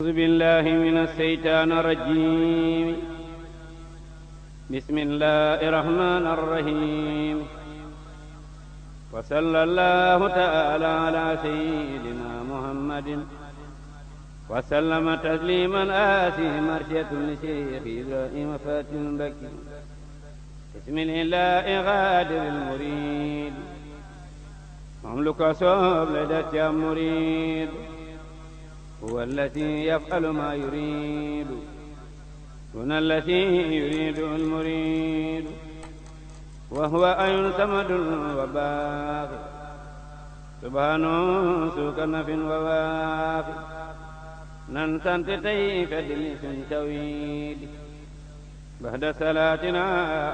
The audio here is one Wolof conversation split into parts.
أعوذ بالله من الشيطان الرجيم بسم الله الرحمن الرحيم وصلى الله تعالى على سيدنا محمد وسلم تسليما آتي مرشة لشيخ إبراهيم فاتح بكي بسم الله غادر المريد مملك صوب لدى المريد هو الذي يفعل ما يريد هنا الذي يريد المريد وهو أين ثمد وباقي سبحانه سوك نف وواقي ننتنت تيف دليس تويد بعد صلاتنا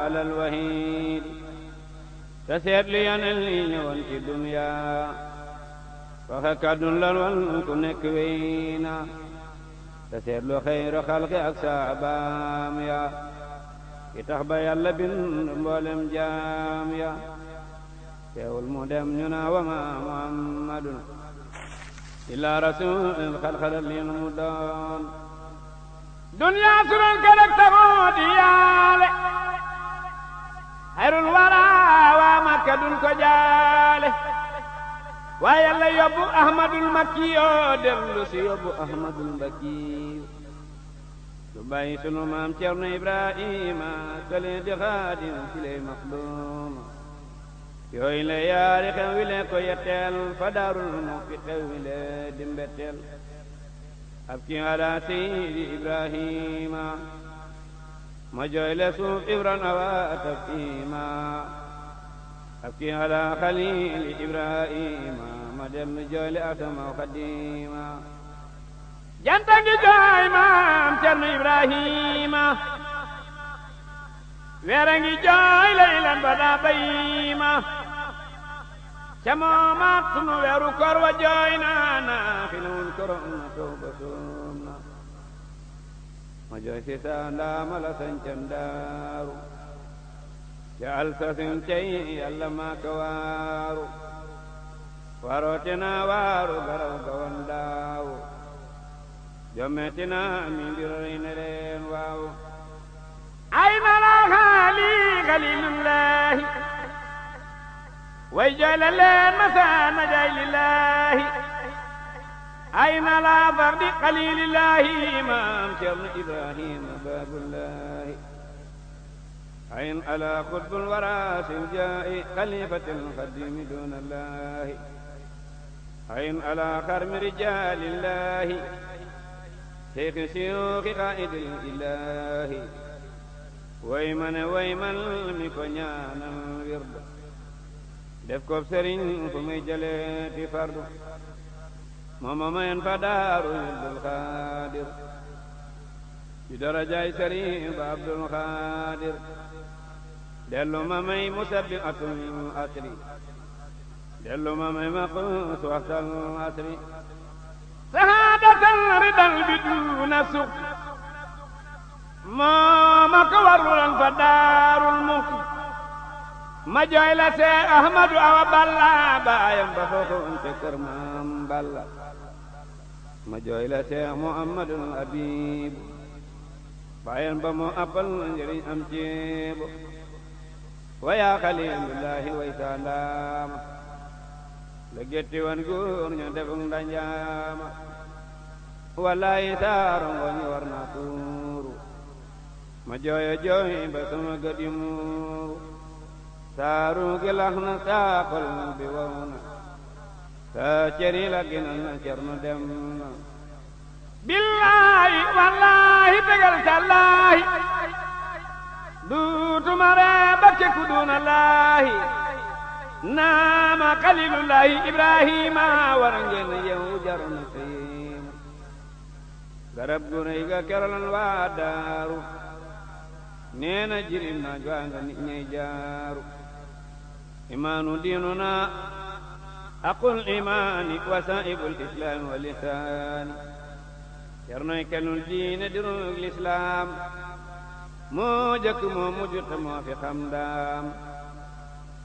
على الوحيد تسير لي أن الدنيا waxe kàddu lal wal ku nekk wey na te seetlu xalqi ak saabaam ya ki tax ba yàlla bind mboolem jaam ya teewul mu dem ñu na wa ma muhammadun illa rasul xalxala lin mu doon dunya surul kalak tamoo di yaale xayrul wara waa makka dun ko jaale waaye yàlla yóbbu ahmadul makki yoo dellu si yóbbu ahmadul mbakki lu bàyyi sunu maam Ceerno Ibrahima kële di xaadim ci lay maxduma yaari xew wi ko yetteel fa daarul mu fi xew wi ab ki ala seydi Ibrahima ma jooy le suuf ibran awaatab iima ab ki ala xaliil Ibrahima ma dellu jooyli asamaw xaddiima janta ngi jooy maam Cerno Ibrahima weera ngi jooy laylan ba daa bayiima ca moomaat sunu weeru kor wa jooy naa naa xinawul ma jooy si saa ndaama la sañcan daaru ca alsasin cay maa ka warootina waaru garaw gawan daaw jommetina mi mbiroy ne leen waaw ay malaxaali xalilullaahi way jooy la leen masaana jaay lillaahi ay na laa fardi xalilillaahi maam ceerno ibrahima baabullaahi ayn ala xutbul wara sin jaa'i xalifatil xadimi duunallaahi xayn ala xarmi rijaalillahi seyxi siyuuxi xaa'idil ilaahi way ma ne way mal mi ko ñaanal wirdu def ko sëriñ fu muy jëlee ti fardu mooma mayen fa daaru abdul xaadir ci darajaay sëriñ ba abdul xaadir dellu ma may musabbi atul asri للأمم مقوس وحد العصر سهادة رضا بدون سوء ما مكور فدار الملك ما جعل سي أحمد أو بلا بايم بفخون شكر من بلا ما جعل سي محمد الحبيب بايم بمو أبل جري أمجيب ويا خليل الله ويتالام la gétti woon góor ñu defuk ndanjaama wallaay taaru ngooñ war na tuuru ma jooyo jooy ba sama gët yi muuru taaru gi lax bi wow na ceri la ginal na cer dem na billaahi wallaahi tegal sallaahi duutuma ree ba ci ku naama xalilullahi ibrahima war ngeen yew jaruna garab gu rëy ga waa daaru nee jirim na jwaa nga nit ñay jaaru imaanu diinu na aqul imaani wasaa'ibul wa lisaani cernoy kenul diine dirug lislaam moo jëkk moo fi xam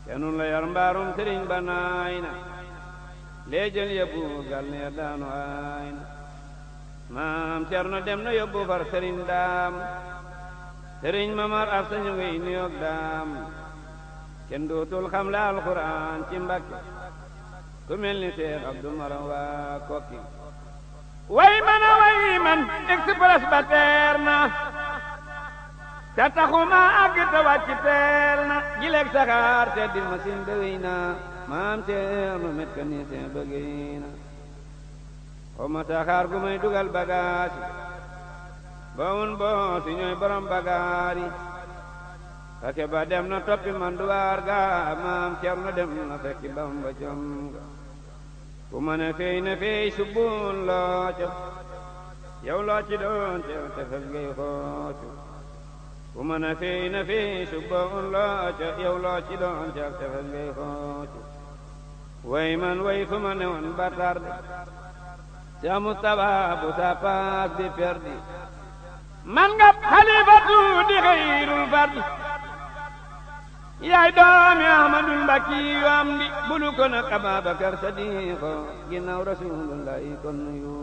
te nun la yar mbaarum sëriñ ba naay na lee jël yóbbu gal ne daanu aay na maam Cerno dem na yóbbu far sëriñ daam sëriñ mamar ab sañu ngiy nuyoog daam kenn dootul xam la alxuraan ci Mbàkke ku mel ni Seex Abdu Maram waa kokki way man a way man express ba teer na te taxuma ak te teel na jileeg saxaar te masin ba wéy na maam ceerno mécanicien ba géy na xawma saxaar gu dugal bagaas yi bawun boo si ñooy borom bagaar yi fake ba dem na toppi manduwaar ga maam ceerno dem na fekki bamba com ga ku ma ne feey ne feey subbuun looco yow looci doon ceew te fes gay xoocu ku mën a fey na fey suba un loo ca yow loo ci doon ca tefes ngay xoocu way man way fu ma ne woon ba tarde ca Mustapha bu sa paas di perdi man nga xalifatu di xayrul fardi yaay doomi ahmadul mbakki yu am di bulu ko nag ababakar sadiqo ginnaaw rasulullahi kon yu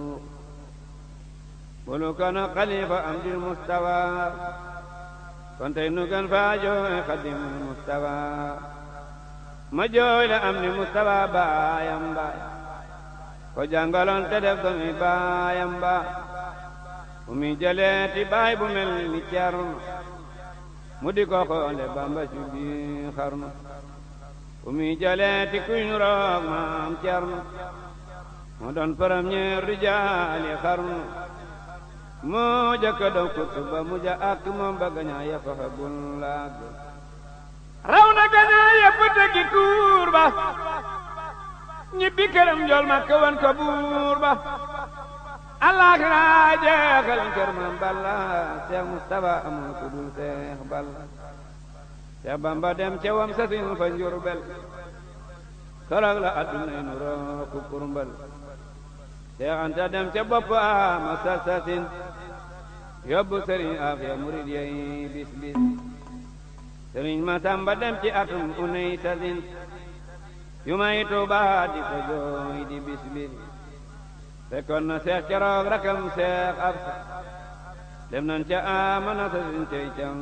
bulu ko xalifa am di mustawa konte tey nu gën faa jooy e xadimul mustafa ma jooy la am ni mustafa baayam ba ko jàngaloon te def ko mi baayam ba mi jëleeti baay bu mel ni Cerno mu di ko xoole bamba ci biir xarnu bu mi jëleeti kuy nu roog maam Cerno mu doon premier rijaali xarnu moo jëkka daw kutuba mujj ak moom ba gañaa ya faxa bun laag raw na gañaa ya fa tegi ba ñibbi këram njool ma kawan ko buur ba allah laa jeexal kër mam balla seex mustaba amul ku dul seex balla seex bamba dem ca wam sasin fa njurbel sorog la addunay nu roo ku kurmbal seex anta dem ca bopp ama sasasin yóbbu sëriñ Afia murid yey bis bis sëriñ Masamba dem ci atum unay tasin yu may Tuuba di ko jooy di bis bis na seex keroog rakam seex Absa dem nan ca amana sëriñ tey cam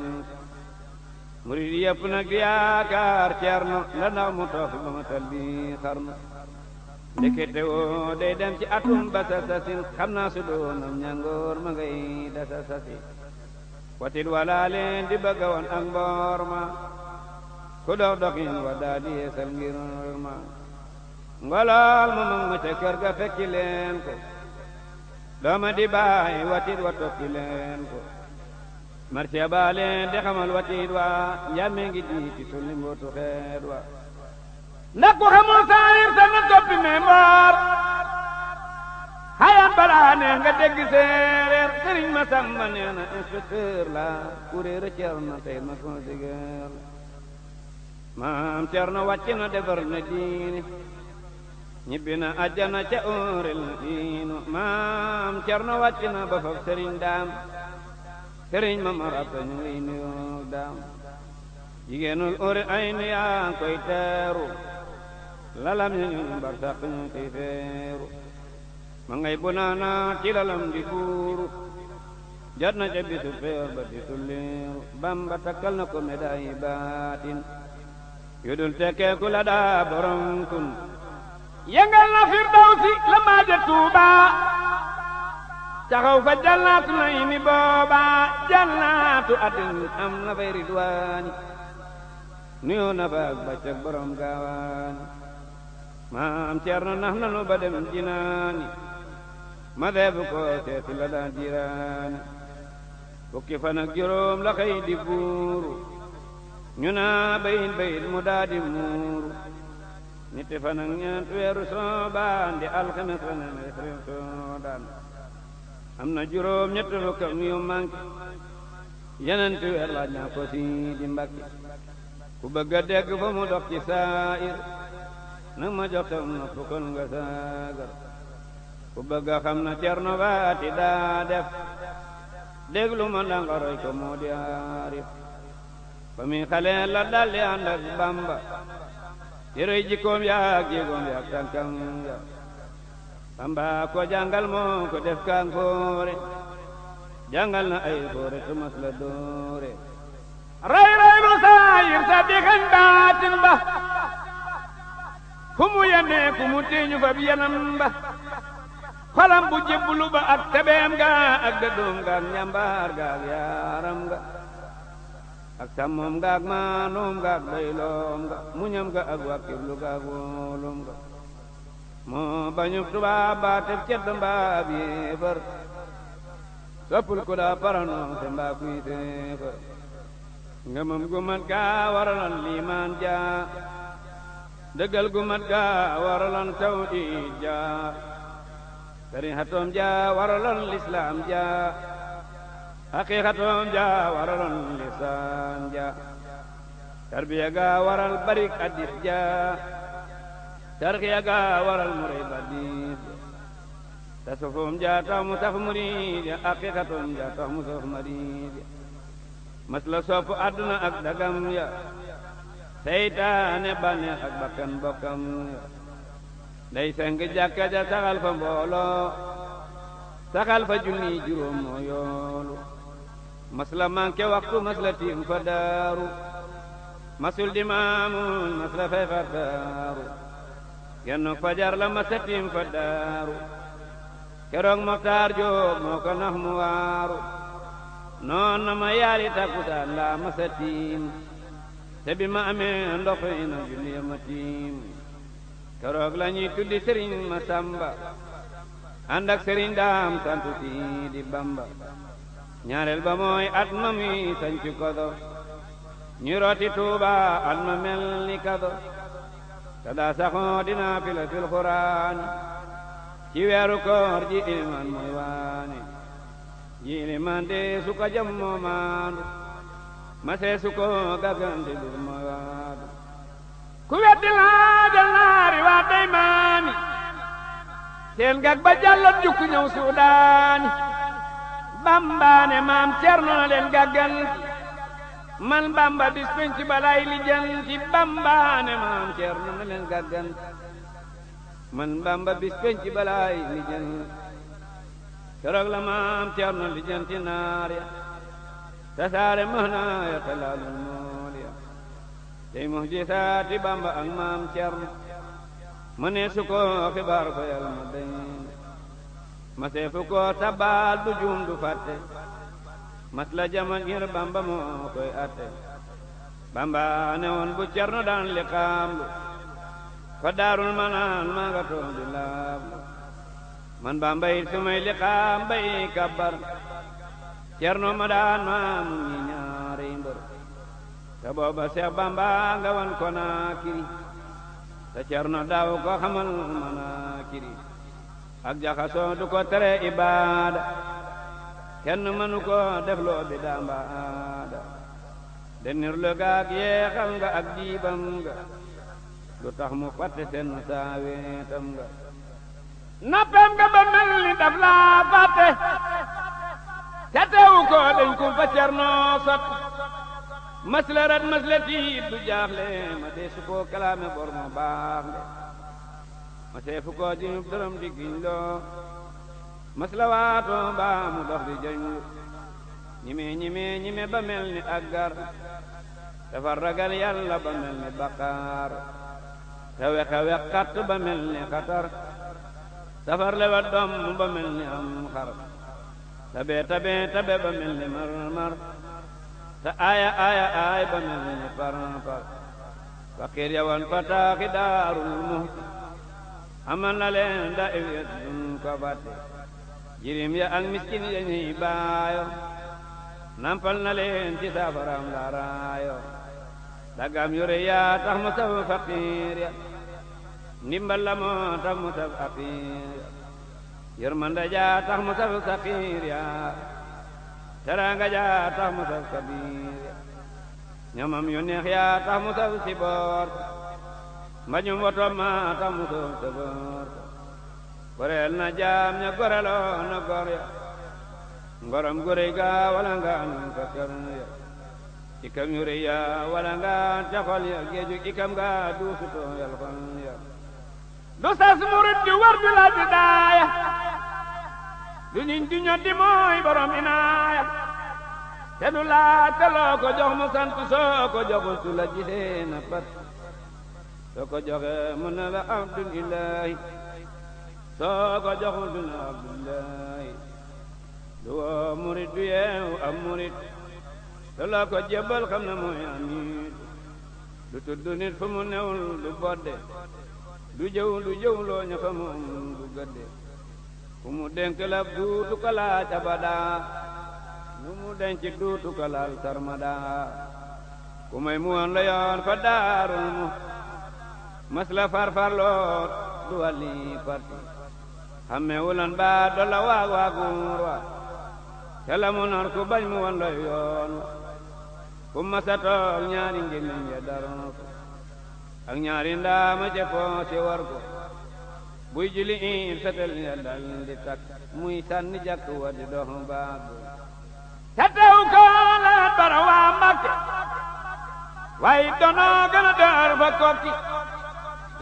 murid yëpp nag yaakaar ceerno la ndax mu toog ba ma tal bi xarnu ndekete woo day dem ci atum ba sa sasin naa su doonam ñangoor ma ngay da sa sasi watil di bëgga woon ak mboor ma ku dox doxin wa daa yeesal ngir ma ngolaal ma kër ga fekki ko dooma di baay watit wa toppi ko marsiya di xamal watit wa njamme ngi diiti sulli mbootu xeet wa na ku xamul saayir te na toppi membaar xayaan balaa neex nga dégg séeréer sëriñ ma sàmba nee na inspecteur la kuréer a cer na tey ma consigeer maam cer na wàcc na defar na diini ñibbi na ajjana ca óoril diinu maam cer na wàcc na ba sëriñ daam sëriñ ma marata ñu ngiy daam jigéenul óori ay yaa koy teeru lalam ya ñun barsàq ñoo cay feeru ma ngay bonaana ci lalam di fuuru jot na ca bisu feer ba bisu bamba takkal na ko médaay yi baatin yu dul tekkeeku la daa borom kun yëngal na firdawsi la maaja tuuba taxaw fa jannaatu nay ni booba jannaatu addin am na fay ridwaani nuyoo na fa ak bàccak borom gaawaani maam na nax nanu ba dem jinaani ma deebu ko seeti la daan jiraani fukki fan ak juróom la di buuru ñu naa bayit bayit mu daa di muuru ñetti fan ak ñeent weeru soobaan di alxames la ne ne am na juróom ñetti fukk ak yu manqué yenenti weer laaj naa di mbakki ku bëgg a dégg fa mu dox ci saayir na ma jox taw na fu kon saagar ku bëgg xam na cerno waati daa def déglu ma ndanga roy ko moo di aarif ba muy xale la dalli ànd ak bamba yërëy jikkoom yaak jéegoom yaak tànkam ya bamba ko jàngal moo ko def kaan foore jàngal na ay foore tumas la doore ray ray ba saayir sa dikkan baatin ba fu mu yemee ku mu téeñu fab yanam ba xolam bu ak tebeem ga ak dëddoom ga ñambaar ga yaaram ga ak sàmmoom ga ak maanoom ga ak doyloom ga ak wàkkirlu ga ak wóolum ga moo bañub tubaab baa tef cedd mbaab yéefar soppul ku daa paranoom te mbaa kuy téefar ngëmam gu mat liimaan jaa dëggal gu mat ga waraloon tawhiid ja tariixatoom ja waraloon lislaam ja haqiiqatoom ja waraloon lisaan ja tarbiya ga waral barik addis ja tarxiya ga waral murid addis ja tasafoom ja tax mu saf muriid ja haqiiqatoom ja tax mu saf muriid ja mas la sopp ak dagam ya seytaane bànneex ak bakkan bokkam day seng jàkka ja saxal fa mbooloo saxal fa junni juróom moo yoolu masla manke waxtu masla tiim fa daaru masul di maamuñ masla fay fa daaru gennook fajar la masa tiim fa daaru keroog moxtaar jóob moo ko nax mu waaru noon na ma yaari takkusaan la masa tiim te ma amee ndox yi na julli ma tiim keroog la ñuy sëriñ ma sàmba ànd sëriñ daam santu si di bamba ñaareel ba mooy at ma muy sañci kodo ñu tuuba at ma mel ni kado te daa saxoo dinaa fila ci weeru koor ji ilimaan mooy waane ji ilimaan de su ko ma seesu ko gàgganti du ma waadu ku weddi laajal naari waa day maami seen gag ba jàlloon jukku ñëw suudaani bambaane maam cerno na leen gàgganti man bamba bis balaay lijjanti bambaane maam cerno na leen gàgganti man bamba bis balaay lijjanti keroog la maam cerno lijjanti naar ya tasaare mëx naa ya talaalul mool ya tey mux ji bamba ak maam cer më ne su ko xibaar ko yàlla ma seefu ko tabaal du juum du fàtte mas la jama ngir bamba moo koy atte bamba ne woon bu cer no daan li xaamlu fa daarul manaan maa nga toog di laablu man bamba it su may li xaam kabbar cerno ma daan maamu ñi ñaari mbër te booba seex bamba nga wan ko naa kiri te daaw ko xamal ma naa ak jaxasoo du ko tere ibaada kenn mënu ko def loo daambaada denir lu gaag nga ak jiibam nga lu tax mu fàtte seen saaweetam nga noppem nga ba mel ni daf laa fàtte te teewu ko dañ ko fa cernoo sat masla rat masla tiit du jaaxle ma dee kalaame bor baax le ma seefu koo jimib di giñ loo masla waatoo mbaa mu dox di jañ ñime ñime ñime ba mel ni aggar dafa ragal yàlla ba mel ni baqaar te wexe wexat ba mel ni xatar safar le wa doom ba mel ni am xar tabe tabe tabe ba mel ni mar ta aya aya ay ba mel ni par par wan pataaki daarul muhti amal na leen da iwet dun ko batte jirim ya ak miskin ya ñuy baayo nampal na leen ci saafaram la raayo dagam yore yaa tax mu sab fakir ndimbal la moo tax mu sab apiir yërmande ja tax mu saf saqiir ya teraanga ja tax mu saf kabiir ya ñamam yu neex ya tax mu saf siboor mbañum woto ma tax mu saf saboor goreel na jaam ña goreloo na gor ya ngorom gurey ga wala ngaan ka kër ya ikam yu ya wala ngaan ca ya géeju ikam ga duusuto yal ya lu sas murit di war di laaj daaya lu ñuñ di ñoddi mooy borom inaaya te du laajte loo ko jox mu sant soo ko joxul su la gisee na pat soo ko joxee mën na la abdulilahi soo ko joxul du na abdulilahi lu woo murit du yeewu am murit te loo ko jébbal xam na mooy amit lu tudd nit fu mu newul lu bodde du jëw du jëw loo ñu xamoon du gëdde ku mu denk la duutu ko laaj abada lu mu denc duutu ko laal sarmada ku may mu woon la fa daarul mu mas la farfarloot du wàlli parti xamme wulan baa dolla waag waaguur wa ca la mu ku bañ mu woon la yoon ku masa toog ñaari ngémmiñ ya daroon ak ñaari ndaama ca poose war ko buy juli in fetel ya dal takk muy sànni jàkk wa di dox baabu te tew ko la bara waa Mbàkke waaye donoo gën a door fa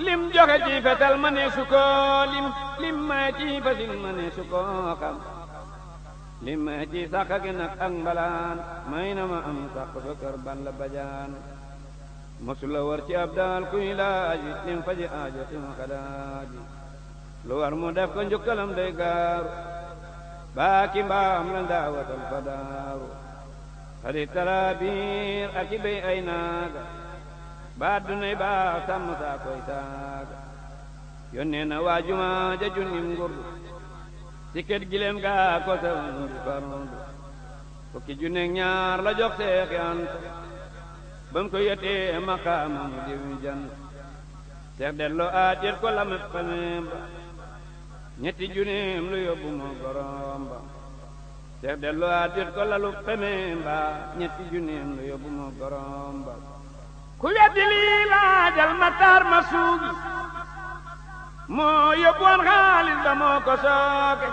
lim joxe ci fetel ma ne su lim lim ma ci fasin ma ne su ko lim ma ci sax gi nag ak mbalaan may na ma am sax fa ban la bajaan mësula war ci ab daal kuy laaji lim faji aajo tim xadaaji lu war def ko njukkalam day gaaru baaki mbaam la ndaawatal fa daaru talaabiir aki bey ay naaga baa dunay baa sàmm saa koy taaga yónnee na waa jumaa ja junnim ngurdu gileem gaa ko sewan di farndu fukki junneeg ñaar la jox seex yanta ba mu ko yotee maqaama mu diwi jan seex dello aatir ko lamat paneem ba ñetti juneem lu yóbbu moo gorom ba seex dello aatir ko lalu pemeem ba ñetti juneem lu yóbbu moo gorom ba ku weddi lii laajal mataar ma suugi moo yóbboon xaalis ba moo ko sooke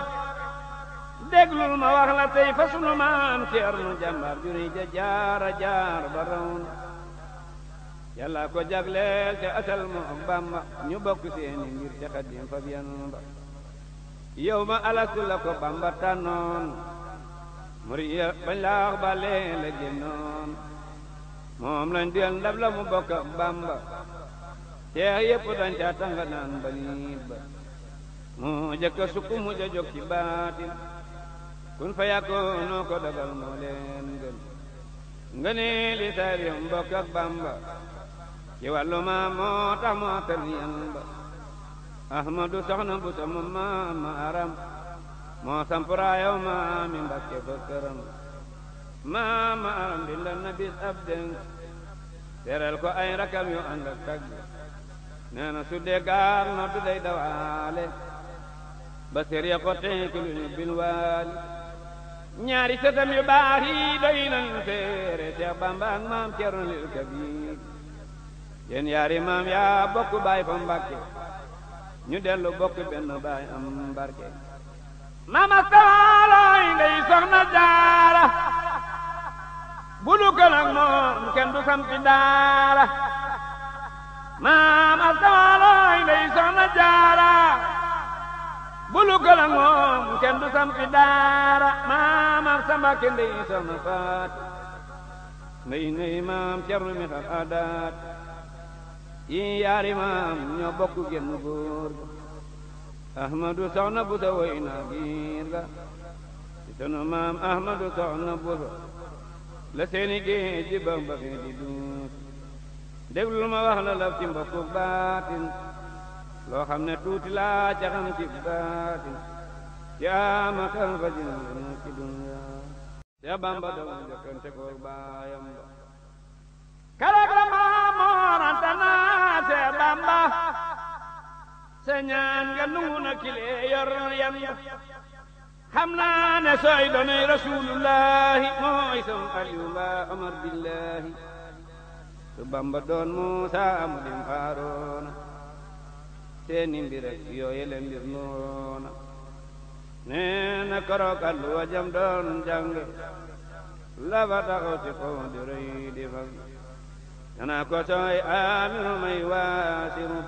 déglul ma wax tey fa sunu maam ceernu jàmbar juri ja jaara ba rawn yàlla ko jagleel te atal mu bàmba ñu bokk seeni ngir te xadim fab yan ba yow ma alastu la ko bàmba tànnoon muriya bañ laax ba lee la génnoon moom lañ diyal ndab la mu bokk bàmba ceex yépp dañ caa tanga ba niit ba mu jëkk sukk mu jojog ci baatin kun fa yàkkoo noo ko dagal moo leen gën nga ne li saari bàmba ci wàllu maam moo tax moo tal yan ba ahmadu soxna bu sa mu maam maaram moo sampuraayaw maami mbakke ba këram maam maaram bindal na bis ab dénk ko ay rakam yu ànd ak tagg nee na su dee gaar dawaale ba sér ko teeku lu ñu bil waali ñaari sëtam yu baax yi doy nañ seere Seex Bamba ak maam Cerno lil Kabiir yéen yaari maam yaa bokk baay fa mbàkke ñu dellu bokk benn baay am mbarke mama saalooy ndey soxna jaara bu dukkal moom kenn du sampi daara mama saalooy ndey soxna jaara bu dukkal moom kenn du sampi daara mama sa mbàkke ndey soxna faat ndey ndey maam cernu mi xar adaat yi yaari maam ñoo bokk génn góor ga ahmadu soxna busa woy na giir ga ci sunu maam ahmadu soxna busa la seeni géej ji bamba fi di duus déglul ma wax la laf ci mbokku baatin loo xam ne tuuti laa ca xam ci baatin yaa ma xam fa ji na ci dunya ya bamba daw jëkkante ko baayam ba keroog la maamoon antana Bamba sa ñaan nga nungu na kilee yor yan xam sooy doonay rasulullahi mooy sam su Bamba doon Muusa amu dem Haaroona seeni mbir ak yooyele mbir noona nee na alluwa jam doon jàng la ba taxaw ci kaw di rëy dana ko tooy may waasiru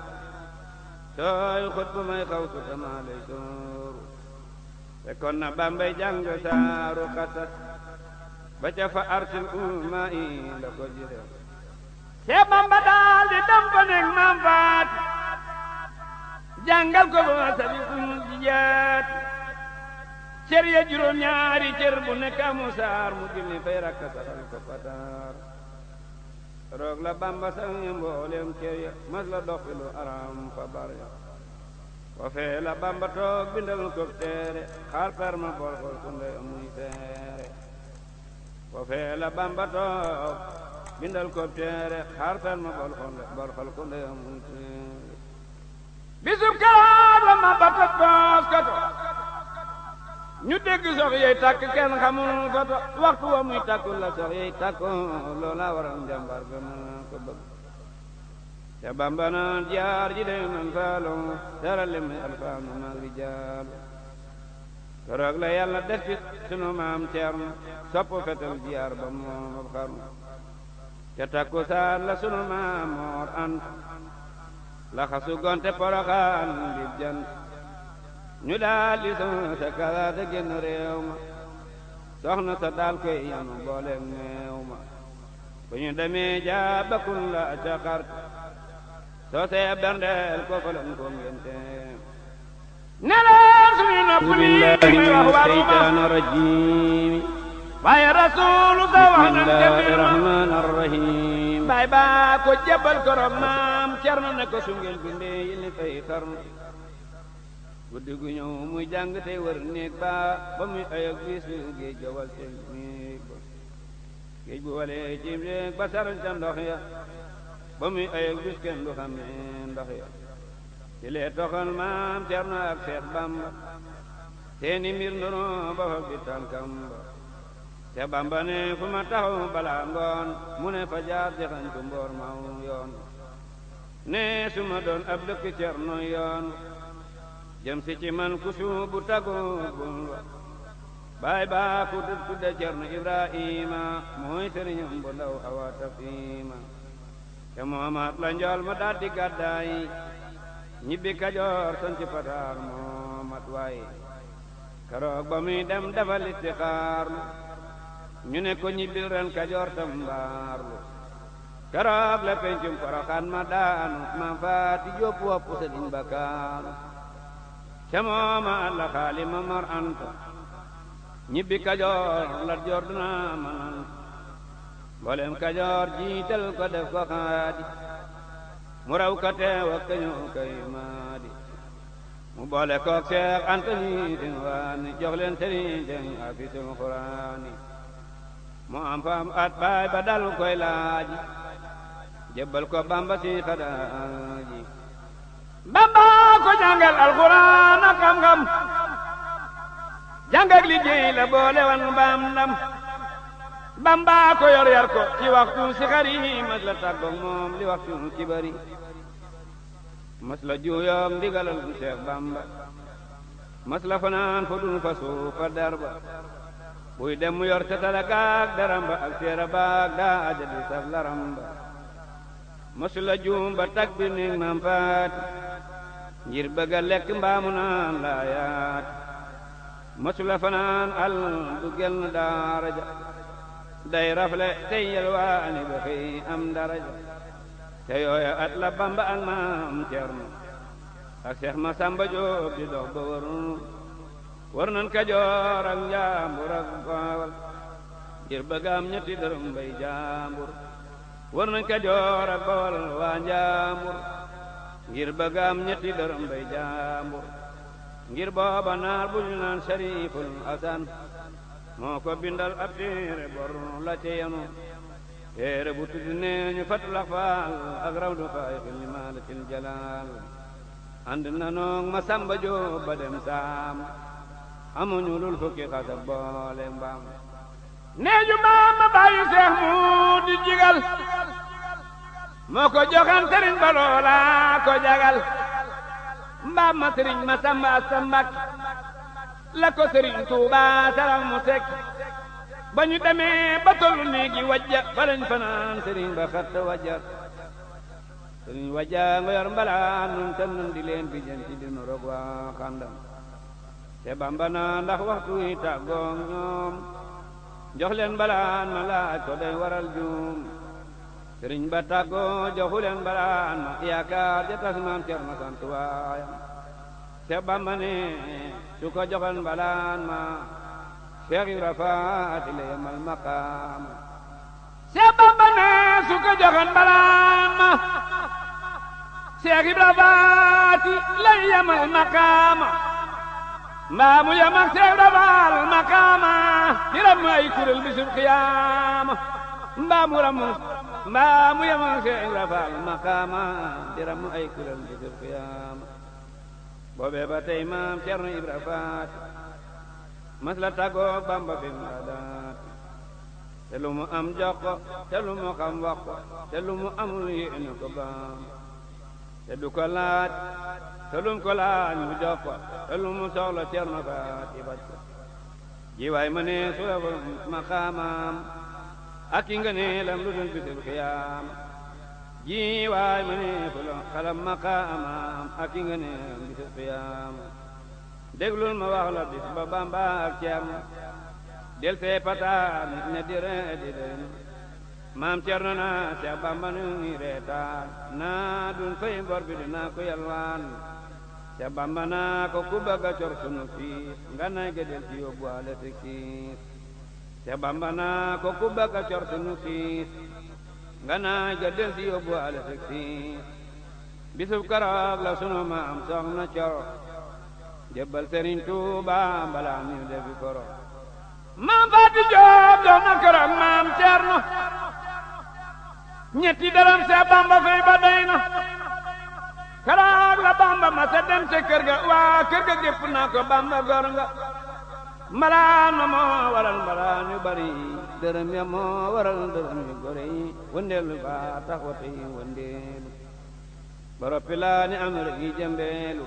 tooy xutbu may xawsu dama lay sooru fekkoon bambay jàng saaru xasas ba ca fa arsil umma i la ko jire te bamba daal di dem ba nekk maam faat jàngal ko ba sabi umu jiyaat ya juróom ñaari cër bu nekk amu saar mu julli fay rakka saxal ko fataar roog la bamba sangi mbooleem cër ya mas la doxi lu fa bar ya foofee la bamba toog bindal ko teere xaar perma bool xool ku ndey amuy teere foofee la bamba toog bindal ko teere xaar perma bool xool bool xool teere bisub kaab la ma bata baas ñu dégg sox yey takk kenn xamul ko waxtu wa muy takku la sox yey takku loola waral njàmbar ga mën ko bëgg te bamba na ji day man faalo dara li muy alfaanu mag rijaalu keroog la yàlla def ci sunu maam ceerno sopp fetal jiyaar ba moom ab xaru te saan la sunu maam moor ant la xasu gonte poroxaan bi jant ñu daal di doon sa kala te génn réew sa daal koy yanu boole meew ma ñu demee jaa bakkun la ca soo see berndeel ko falan ko ngente ne leen suñu nopp lii muy wax waruma waaye rasuulu wax nan bismillahi rahmaani ko jabal korom na ko su ngeen bindee yi fay xarnu guddi gu ñëw muy jàng tey wër néeg ba ba muy ayoog biisu géej ga wal seen néeg ba géej bu walee ci néeg ba ca ndox ya ba muy ayoog bis kenn du xam ndox ya ci toxal maam Cerno ak Seex Bamba seeni mbir ndono ba fa bi tànkam ba Bamba ne fu ma taxaw mu ne fa jaar jaxantu mboor maw yoon ne su doon ab dëkk Cerno yoon jëm si ci man ku suubu tagoo wa baay baa ku ku de cerno ibrahima mooy sëriñam bu ndaw awa tafiima te moomaat la njool ma daal di ñibbi kajoor san ci pataar moomat waay keroog ba muy dem dafa listixaarlu ñu ne ko ñibbil ren kajoor tam mbaarlu keroog la pencum poroxaan ma daanu ma faati jóob woppu sëriñ bakaaru ca mooma alla xaalima mar anta ñibbi kajoor la joor duna manant mboolem kajoor jiital ko def ko xaadi mu raw ka teew ak kañu kay maadi mu boole kook seex anta niitin waani jox leen sëriñ afisul xuraani mu am faam at baay ba dal koy laaji jébbal ko bamba si xadaaji bamba ko jàngal xam-xam jàng ak liggéey la boole wan mbaam ndam bamba yor yar ko ci waxtu si xari mas la moom li waxtu ci bari mas la juuyoom ndigalal bu seex bamba mas la fanaan fa dun fa darba buy dem mu yor tatala kaag daramba ak seera baag daa ajadi saf laramba mas la juum ba takbir ni maam faati ngir bëgg a lekk mbaamu naan laayaat masula fanaan al du genn daaraja day rafle tey yelwaani ba xëy am daraja te yooya at la bamba ak maam Cerno ak Seex Masamba Jóob di dox ba wër war nan Kajoor ak njaambur ak Bawal ngir bëgg am ñetti dërëm bay jaambur war nan Kajoor ak Bawal waa njaambur ngir bëgg am ñetti dërëm bay jaambur ngir booba naar bu ñu naan sariiful asan moo ko bindal ab téere bor la yenu téere bu tudd nee fat la ak rawdu faay xil li maalikil jalaal na noog ma samba jóob ba dem saam amuñu lul fukki xasa boole mbaam nee ñu ma bàyyi seex mu di jigal moo ko joxan sëriñ ba loola ko jagal mbaam ma sëriñ ma samba sambak la ko sëriñ tuuba saral mu teg ba demee ba tollu néegi wajja fa lañ fanaan sëriñ ba xatt wajja sëriñ wajja nga yor mbalaan nun tam di leen bijanti di nu roog waa xandam te bamba na ndax waxtu yi tàggoog ñoom jox leen mbalaan ma laaj ko day waral juum sëriñ ba tàggoo joxuleen balaan ma yaakaar ja tas cer ma sant waayam te bamba ne su ko balaan ma seex yu rafaati la yemal maqaam te bamba ne su ko joxoon balaan ma seex yu rafaati la yemal maqaama mbaa mu yem ak seex yu rafaal maqaama di ram ay kuréel bisub xiyaama mbaa mu ramu mbaa mu yemoon Seex Ibra Faal maqaama di ramu ay kuréel di jëf qiyaama boobee ba tey maam Cerno Ibra Faal mas la tàggoo Bamba bi mu daat te lu am jox ko te lu mu xam wax ko te lu mu amul ko Bamba te du ko laaj te lu ko laaj mu jox te lu mu soxla Cerno Faal ibat ko jiwaay ma ne suufam maqaamaam ak yi nga neelam lu dul bisil xiyaama waay ma nee fulo xalam maqaamaam ak yi nga neelam bisil xiyaama déglul ma wax la ba bamba ak ceerno del see pataani ne di ree di den maam ceerno naa ca bamba nu ngi reetaan naa dun fay mbor bi dinaa ko yalwaan ca bamba naa ko ku bëgg a cor fii nga nay ga del ci yóbbuwaale si kiis te bamba naa ko ku bëgg a cortu nu nga naa ja del yóbbu ale seg siis bisub karoog la sunu maam soxna coro jébbal sëriñ tuuba mbalaam yu defi koro maam faati joob doon na keroog maam ceerno ñetti daram see bamba fay ba doy na karoog la bamba ma sa dem ca ga waa kër ga gépp naa ko bamba gor nga malaan ma moo waral malaan yu bari dërëm ya moo waral dërëm yu gore yi wëndeelu baa tax yi wëndeelu ba roppi laa rëgg yi jëmbeelu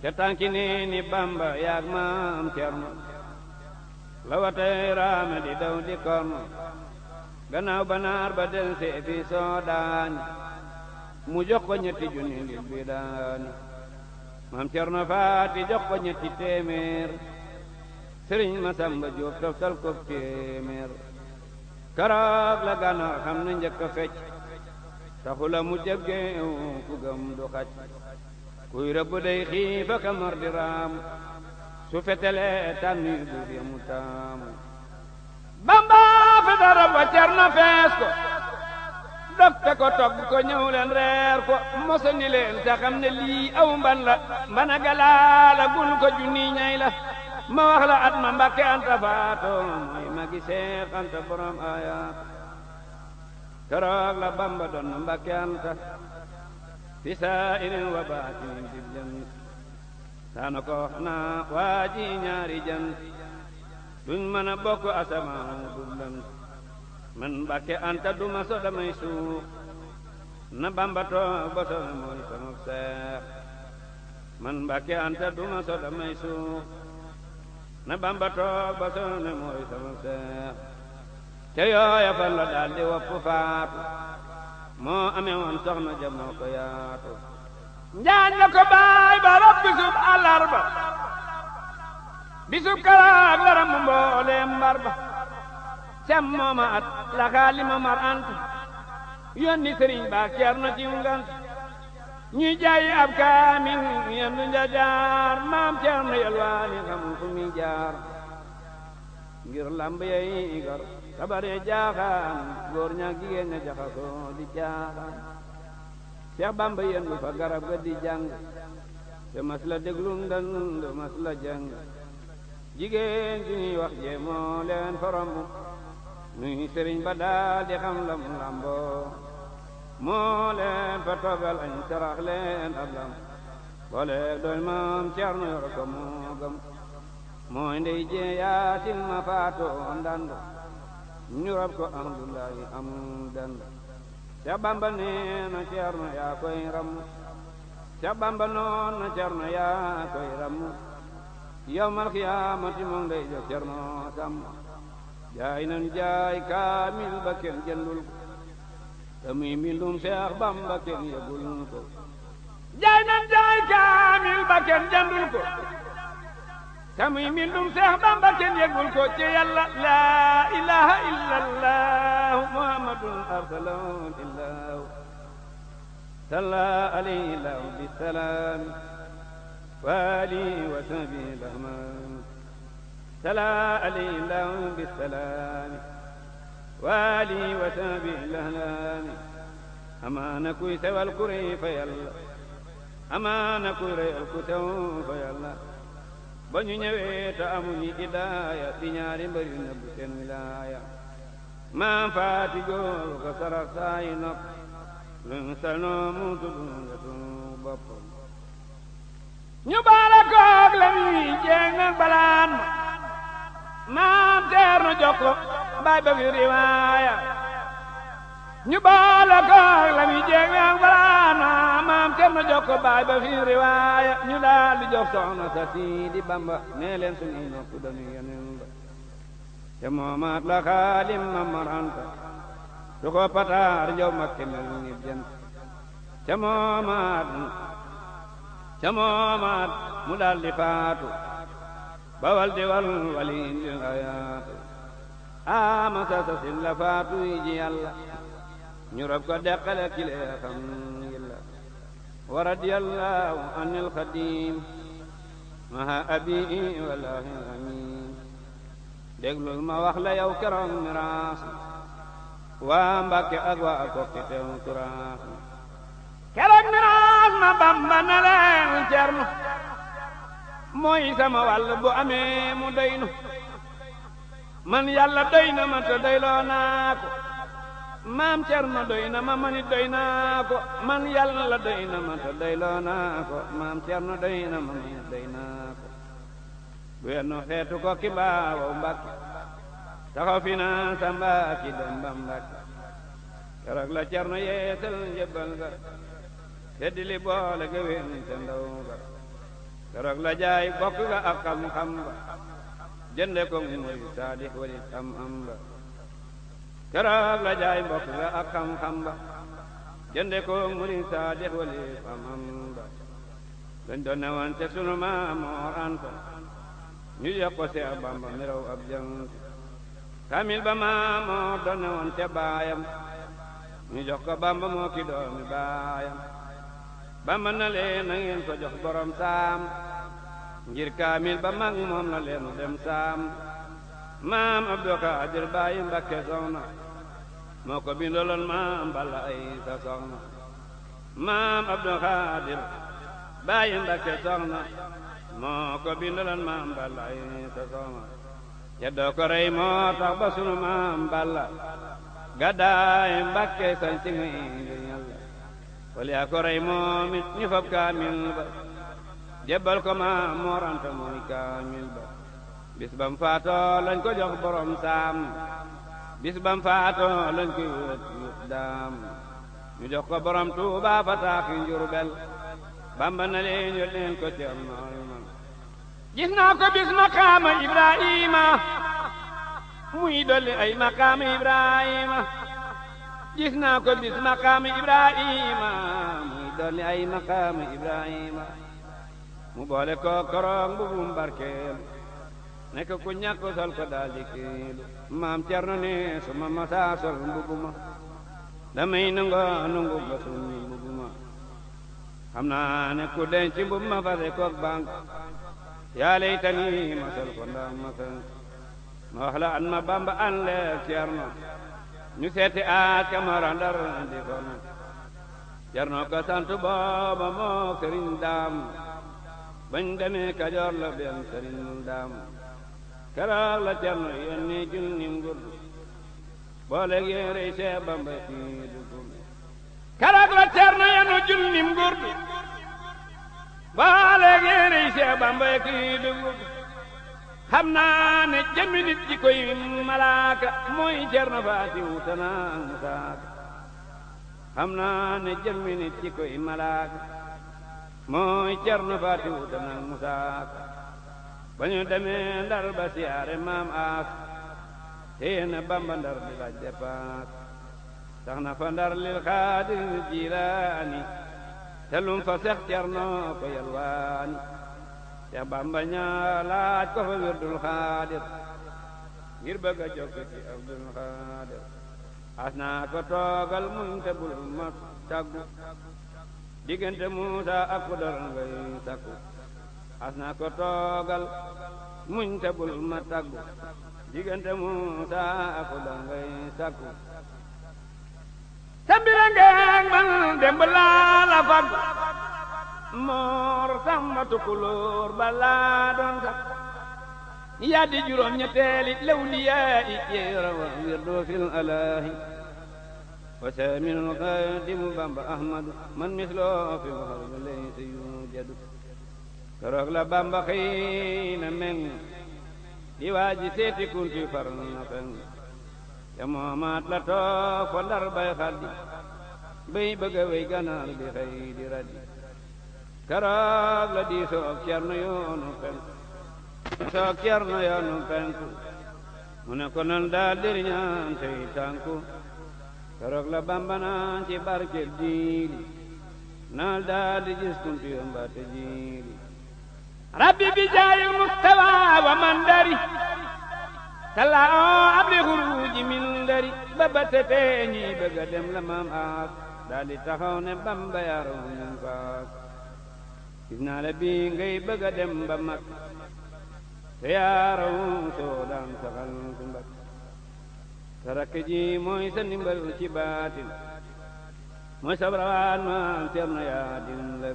te tànki ni bamba yaag maam cerno la watay raame di daw di korno gannaaw banaar ba del see soo daani mu jox ko ñetti junni ngir bi daani maam cerno faati jox ñetti téeméer sëriñ Masamba Jóob toftal ko téeméer karaag la gànnaar xam na njëkk a fecc taxula mu jëggeew ku gëm du kuy rëbb day xiif ak mar di raam su fetele tànn du di mu taamu Bamba fi dara ba cer na fees ko dofte ko togg ko ñëw reer ko mosandi leen te xam ne lii aw mban la mbana galaala gul ko junni ñay la ma wax at ma Mbàkke Anta faatoo mooy magi Seex Anta borom ayaat keroog la Bamba doon na Mbàkke Anta fi saa'irin wa baatinin di jant daana ko wax naa waa ji ñaari jant duñ mën a bokk asamaan du lant man Mbàkke Anta du ma so na Bamba toog ba so mooy sama Seex man Mbàkke Anta du ma so na bamba toog ba soone mooy sama seex te yooya fa la daldi woppu faatu moo amee woon soxna jamoo ko yaatu njaañ la ko baay ba rab bisub àllarba bisub kalaak la ramb mbooleem mbar ba sem mooma at la xaalima mar ant yónni sëriñ baa ceer na ciw ngant ñu jaay ab kaamil yem du nja jaar maam Cerno yalwaani xamul fu muy jaar ngir lamb yey gar kabare jaaxaan góor ñaak jigéen ña jaxasoo di jaaxaan Seex Bamba yéen bu fa garab ga di jàng te mas la déglu ndënd mas la jàng jigéen ju ñuy wax jee moo fa romb nuy sëriñ ba daal di xam la mu lamboo moo leen fa toogal añ sarax leen ab lam booleeg doy maam Cerno yor ko moo gëm mooy ndey jeeyaatin ma faatoon dando ñu rab ko amdullahi amul dando ca bamba nee na Cerno yaa koy ram ca bamba noon na Cerno yaa koy ram yow mal xiyaamati moom ndey jox Cerno sam jaay nan jaay kaamil ba kenn jëndul ko te muy mbindum Seex Bamba kenn yëgul ko jaay nan jaay kaamil ba kenn jëndul ko te muy mbindum Seex Bamba kenn yëgul ko ci yàlla laa ilaha illallah muhammadun arsalahu illahu salla alayhi lahu bisalaam waali wa sahbi lahman salla alayhi lahu bisalaam waali wa saabi lahlaani amaana kuy sewal ku rëy fa yàlla amaana kuy rëyal ku sew fa yàlla ba ñu ñëwee te amuñu idaaya di ñaari mbëri nëbbu seen wilaaya maam faati góor ko sarax saayi nopp luñ salnoo mu tudd nga tudd ñu baala koog la mi jeeg nag balaan maam Thierno Jokko baay ba fi riwaaya ñu boole ko la muy jéeg mi ak balaana maam Thierno Jokko baay ba fi riwaaya ñu daal di jox soxna sa sii bamba nee leen suñuy nopp dañuy yeneen ba te moomaat la xaalim ma maranta su ko pataar jow makke mel ni jant te moomaat mu daal di bawal diwal waliin lil hayaat aamasa sa silla faatu yi ji yàlla ñu rob ko deqale kilee xam yilla wa radiyallaahu anil xadiim maha abii ma wax la yow keroog miraas waa mbàkke ak waa kokki teew miraas ma bamba na leen cernu mooy sama wàll bu amee mu doy nu man yàlla doy na ma te doyloo naa ko maam Cerno doy na ma manit doy naa ko man yàlla doy na ma te doyloo naa ko maam Cerno doy na ma manit doy naa ko guyennu xeetu ko ki baawaw Mbàkke taxaw fi naa sa mbaaki Demba Mbàkke keroog la yeesal njëbbal ga te di li boole gëwén ndaw ga keroog la jaay bokk nga ak xam-xam ba jënde ko muy saalix walit am-am ba la jaay bokk nga ak xam-xam ba jënde ko muri saalix walit am-am ba lañ doon ne sunu maam Moor Anta ñu yokk ko Seex Bamba mi raw ab jant kamil ba maam Moor doon ne woon baayam ñu jox ko Bamba moo ki doomi baayam ba mën na leen na ngeen ko jox borom saam ngir kaamil ba mag moom na leenu dem saam maam Abdou Khadir Baye Mbakke soxna moo ko bindaloon maam Balla Aysa soxna maam Abdou Khadir Baye Mbakke soxna moo ko bindaloon maam Balla Aysa soxna yeddoo ko rey moo tax ba sunu maam Balla gàddaay Mbakke sañ ci ngay wala yaa ko rey moom it fab kaamil ba jébbal ko ma mooranta mooy kaamil ba bis bam faatoo lañ ko jox borom saam bis bam faatoo lañ ko yóot yóot daam ñu jox ko borom tuuba fa taaxi njurbel bamba na leen yóot ko ci am nooy naa ko bis maqaama ibrahima muy dolli ay maqaama ibrahima gis naa ko bis maqaama ibrahima muy dolli ay maqaama ibrahima mu boole ko korong bu bum barkeelu nekk ku ñàkk sol ko daal di kiilu maam cerno ne suma masaa sol mbubu damay nungo nungu ba summi mbubu ma xam naa ne ku denc mbubu ma fase koog bank yaa leytani ma sol ko ndax ma sant an ma bamba an leer cerno ñu seeti aas kamara ndar di ko na jarno sant booba moo sëriñ daam bañ demee kajoor la benn sëriñ daam keroog la cerno yónni junni ngur boole yéen rey see bamba fii dugub keroog la cerno yenu junni ngur boole yéen rey see bamba fii dugub xam na ne jëmmi nit ji koy malaaka mooy Cerno Faati wutana musaaka xam naa ne jëmmi nit ji koy malaaka mooy Cerno Faati wutana musaaka ba ñu ndar ba siyaare maam aas teena bamba ndar di laaj depaas na fa ndar lil xaadir jilaani te lum fa sex Cerno ko yalwaani Seex Bamba ñaa laaj ko fa wirdul xaadir ngir bëgg a jokk ci Abdul Xaadir as naa ko toogal muñ bul ma tàggu diggante Muusa ak ku dor ngay sakku as ko toogal muñ bul ma tàggu diggante Muusa ak ku dor ngay sakku sa mbira ngeen man démb la faggu moor sàmma tukulóor balaa doon sax yaa di juróom ñetteeli lawliyaa i yeera wa wirdoo fil alaahi wa saaminul xaadimu bamba ahmadu man misloo fi waxarba laysa yujadu keroog la bamba xëy na meng di waaji seeti kunti far na feng ya moomaat la toog fa ndar bay xaddi bay bëgga way ganaar bi xëy di raddi karaag la diisoo ak Cerno yoonu penku diisoo ak Cerno yoonu penku mu ne ko nan daal riñaan tey tànku keroog la Bamba naan ci barke diili naal daal di gis kuntu jiili rabbi bi jaayi mustawa wa mandari talla oo abli xuruji min dari ba ba te feeñi dem la maam aas daal taxaw ne Bamba yaroon nañ faas gis naa la bii ngay bëgga dem ba mag te yaaraw soo daan saxal su mbag sa rakk ji mooy sa ndimbal ci baatin mooy sa rawaan maam Cerno yaa din la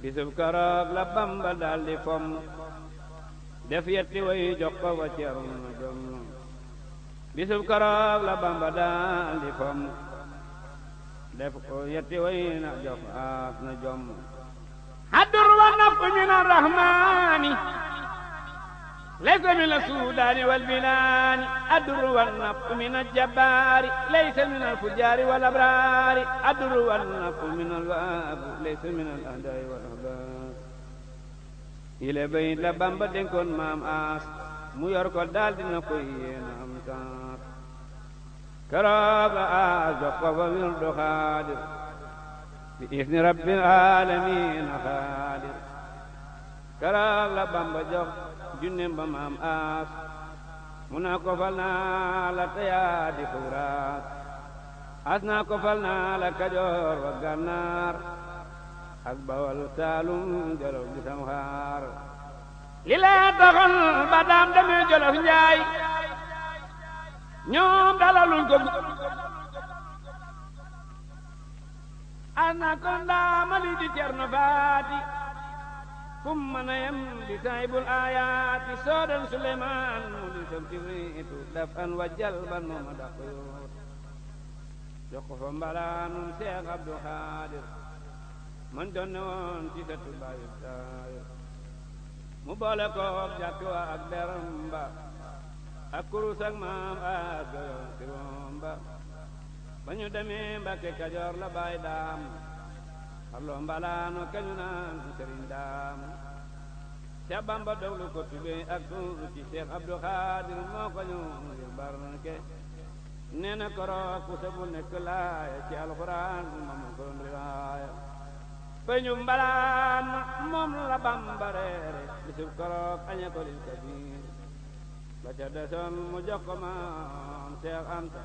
bisub karoog la Bamba daal di fomm def yetti way jox ko wa Cerno bisub karoog la Bamba daal di fomm def yetti way na jox aas na jomm الدر والنفع من الرحمن ليس من السودان والبلاد الدر والنفع من الجبار ليس من الفجار والأبرار الدر والنفع من الواب ليس من الأهداء والأحباب إلى بيت la Bamba dénkoon maam aas mu yor ko daal dina koy yéena am taas keroog la aas jox ko fa wir du xaadir بإذن رب العالمين خالد karaag la Bamba jox junneem ba aas mu naa ko fal naa la tayaa di as naa ko fal naa la kajoor wa gànnaar ak bawal saalum jolof di sam xaar li laa taxoon ba daam demee jolof njaay ñoom dalaluñ ko ana ko ndaamali di Cerno Faati fu mën a yem di taybul aayaati soodan Suleymaan mu di tam tibriitu daf an wa jalban mu ma daq yoot jox ko fa mbalaanum Seex Abdu Xaadir man doon ne woon ci sëtu baayu taayir mu boole kook jàkk wa ak deram ba ak kurus ak maam ak gayoon si romba ba ñu demee Mbàkke Kajoor la baay daam xarloo mbalaanu kañu naan sëriñ daam Seex Bamba doglu ko tubéy ak tuuru ci Seex Abdu Xaadir moo ko ñu ngir barke nee na koroog ku sabu nekk ci alxuraan ma mu ko doon riwaaya peñu mbalaan moom la Bamba reere bisub koroog añe ko lil kabiir ba ca desoon mu jox ko maam Seex Anta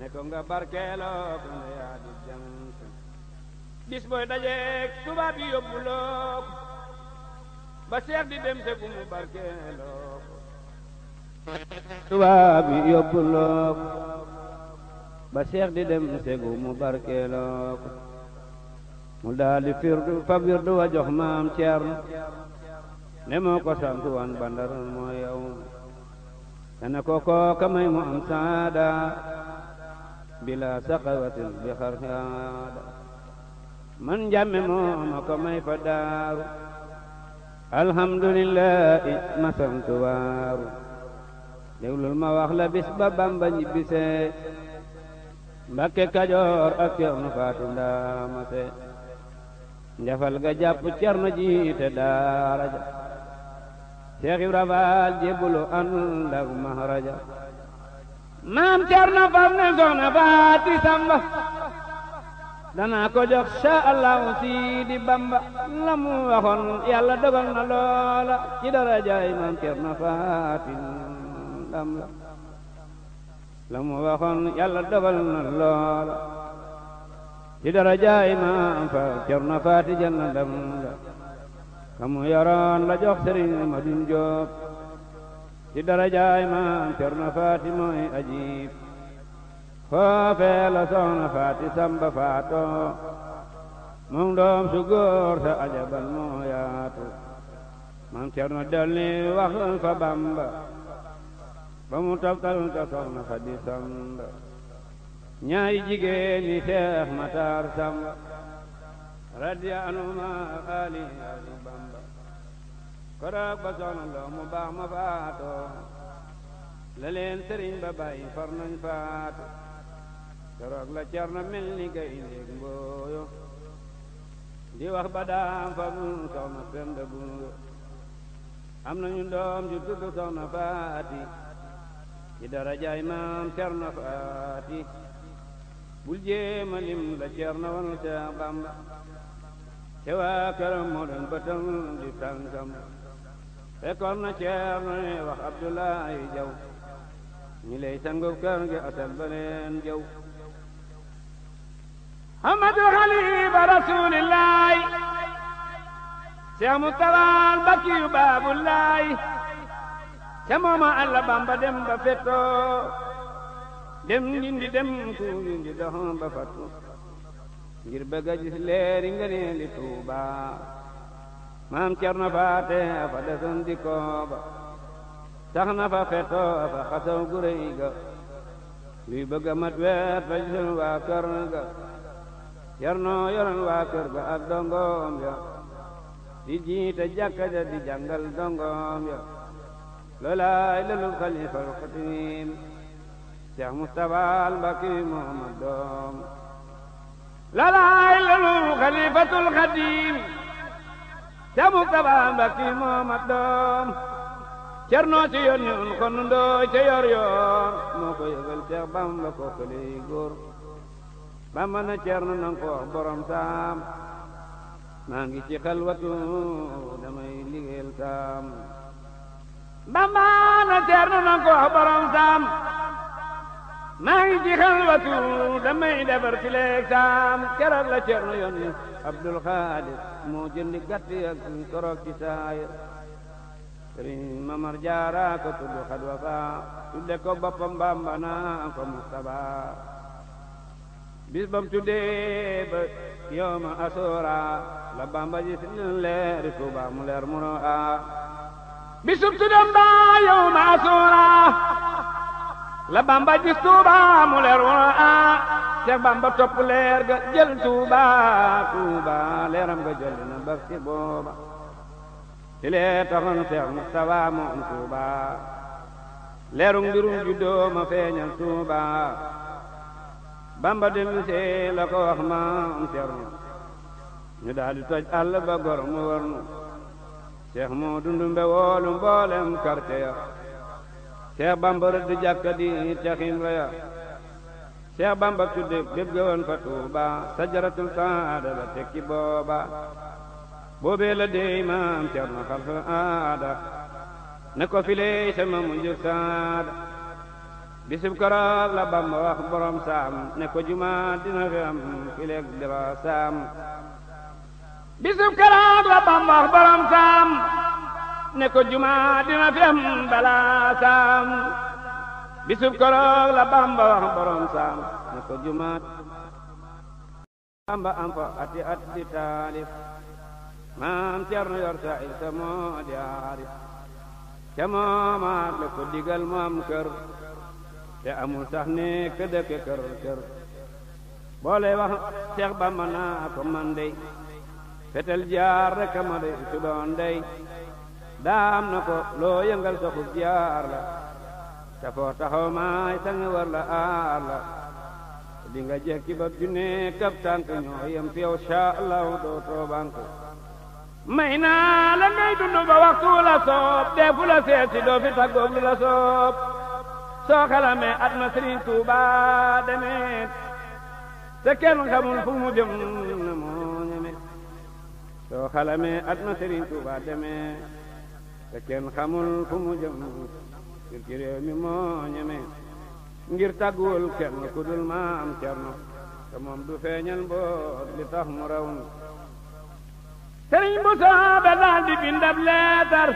ne ko nga barkeeloo ko nda yaa di jant bis booy dajeeg tubaab yi yóbbu loo ko di dem te bu mu barkeeloo di firdu fa wirdu jox maam Ceerno ne moo ko sant wan moo yow dana ko kooka may mu am saada bila saqawatin bi xarxaada man njàmme mooma ko may fa daaru alhamdulillahi ma santu waaru déglul ma wax la bis ba bamba ñibbisee mbakke kajoor ak ceerno faatu ndaama se njafal ga jàpp ceerno jiite daara ja seex ibra faal jébbalu ànd ak maharaja maam Cerno fam ne soxna Faati Samba danaa ko jox sha Allahu Sidi Bamba la mu waxoon yàlla dogal na loola ci darajaay maam Cerno na loola ci darajaay maam fa Cerno Faati mu yoroon la jox Sëriñ Madun Joob ci darajaay maam Cerno Faati mooy ajiib foofee la soxna faati samba faatoo moom doom su góor sa ajabal moo yaatu maam Cerno dolli wax fa bamba ba mu toftal ka soxna xadi samba ñaari jigéen ñi seex mataar samba radiya anuma ali koroog ba soxna loo mu ma faatoo la leen sëriñ ba bàyyi far nañ faatu koroog la cerno mel ni gayndeeg mbooyo di wax ba daam fa bu penda bundo am nañu doom ju tudd soxna faati ci darajaay maam cerno faati bul jéema lim la cerno wanul Seex Bamba te waa këram moo doon bëtam di tànkam fekkoon na ceerno ne wax Abdoulaye Jaw ñi lay sangu kër gi atal beneen jaw Ahmadu xalifa rasuulillaahi Seex Mustafaa Bakiyu Baabullaahi ca mooma Alla Bamba dem ba dem gindi dem ku gindi dox fattu ngir bëgg a leeri nga ne li Tuubaa maam Cerno Faate fa desoon di kooba tax na fa fetoo fa xasaw gu ga luy bëgga mat weet fa gisoon waa kër ga Cerno yoroon waa kër ga ak dongoom ya di jiite jàkka ja di jàngal dongoom ya loolaay lelu xalifal xatiim Cheikh Mustafaal Mbàkke Muhammad doom loolaay lelu xalifatul xatiim te Mustafa Mbàkke moo mat doom cerno ci yoon ñun kon nu ndooy ca ko yëgal Seex Bamba ko këley góor Bamba na cerno nanga ko wax borom maa ngi ci xalwatu damay liggéeyal saam Bamba na cerno nanga ko wax borom maa ngi ji xalwatu damay defar si leeg saam keroog la Cerno yónni Abdul Xaadir moo jëndi gàtt ak torog ci saaya sëriñ Mamar Jaara ko tudd xadwa fa tudde ko boppam bambana ko Mustaba bis bam tuddee ba yooma asoora la bamba ji si leeri Tuuba mu leer mu no a bisub tudam ba yooma asoora la bamba gis tuuba mu leer woon ah Cheikh bamba topp leer ga jël tuuba tuuba leeram ga jël na ba fi booba ci lee taxoon Cheikh Moustapha moom tuuba leerum mbirum juddoo ma feeñal bamba dem see la ko wax maam Cerno ñu daal di toj àll ba gor mu war nu Cheikh moo dundu mbe woolu mboolem quartier ya Seex Bamba rëdd jàkka di ca ximla Seex Bamba tudde bépp gawoon fa Tuuba sajaratul saada la tekki booba boobee la dey maam Cerno Xalfa aada ne ko filey sama mujj saada bisub koroog la Bamba wax borom saam ne ko juma dina fi am fileeg dira saam bisub koroog la Bamba wax borom saam ne ko juma dina fi am balaa saam bisub koroog la bamba wax borom saam ne ko juma bamba am fa ati at di taalif maam Cerno yor sa il sa moo di aarif ca moomaat la ko digal mu kër te amul sax ne ke kër kër boole wax Seex Bamba naa ko man dey fetel jaar rek ma dey su dey daam na ko loo yëngal soxu ziyaar la te foo taxaw maay sang war la aar la li nga jekki ba junne kab tànk ñoo yem fi yow sha allahu doo toobanku may naa la ngay dund waxtu la soob deefu la seesi doo fi taggoog la soob soo xalamee at na Sëriñ Tuuba demeet te fu mu na moo soo xalamee at na Sëriñ Tuuba te kenn xamul fu mu jëm ngir ci réew mi ngir tàgguwul kenn ku dul maam cerno te moom du feeñal boot li tax mu raw ni sëriñ bu soobe daal di bindab leetar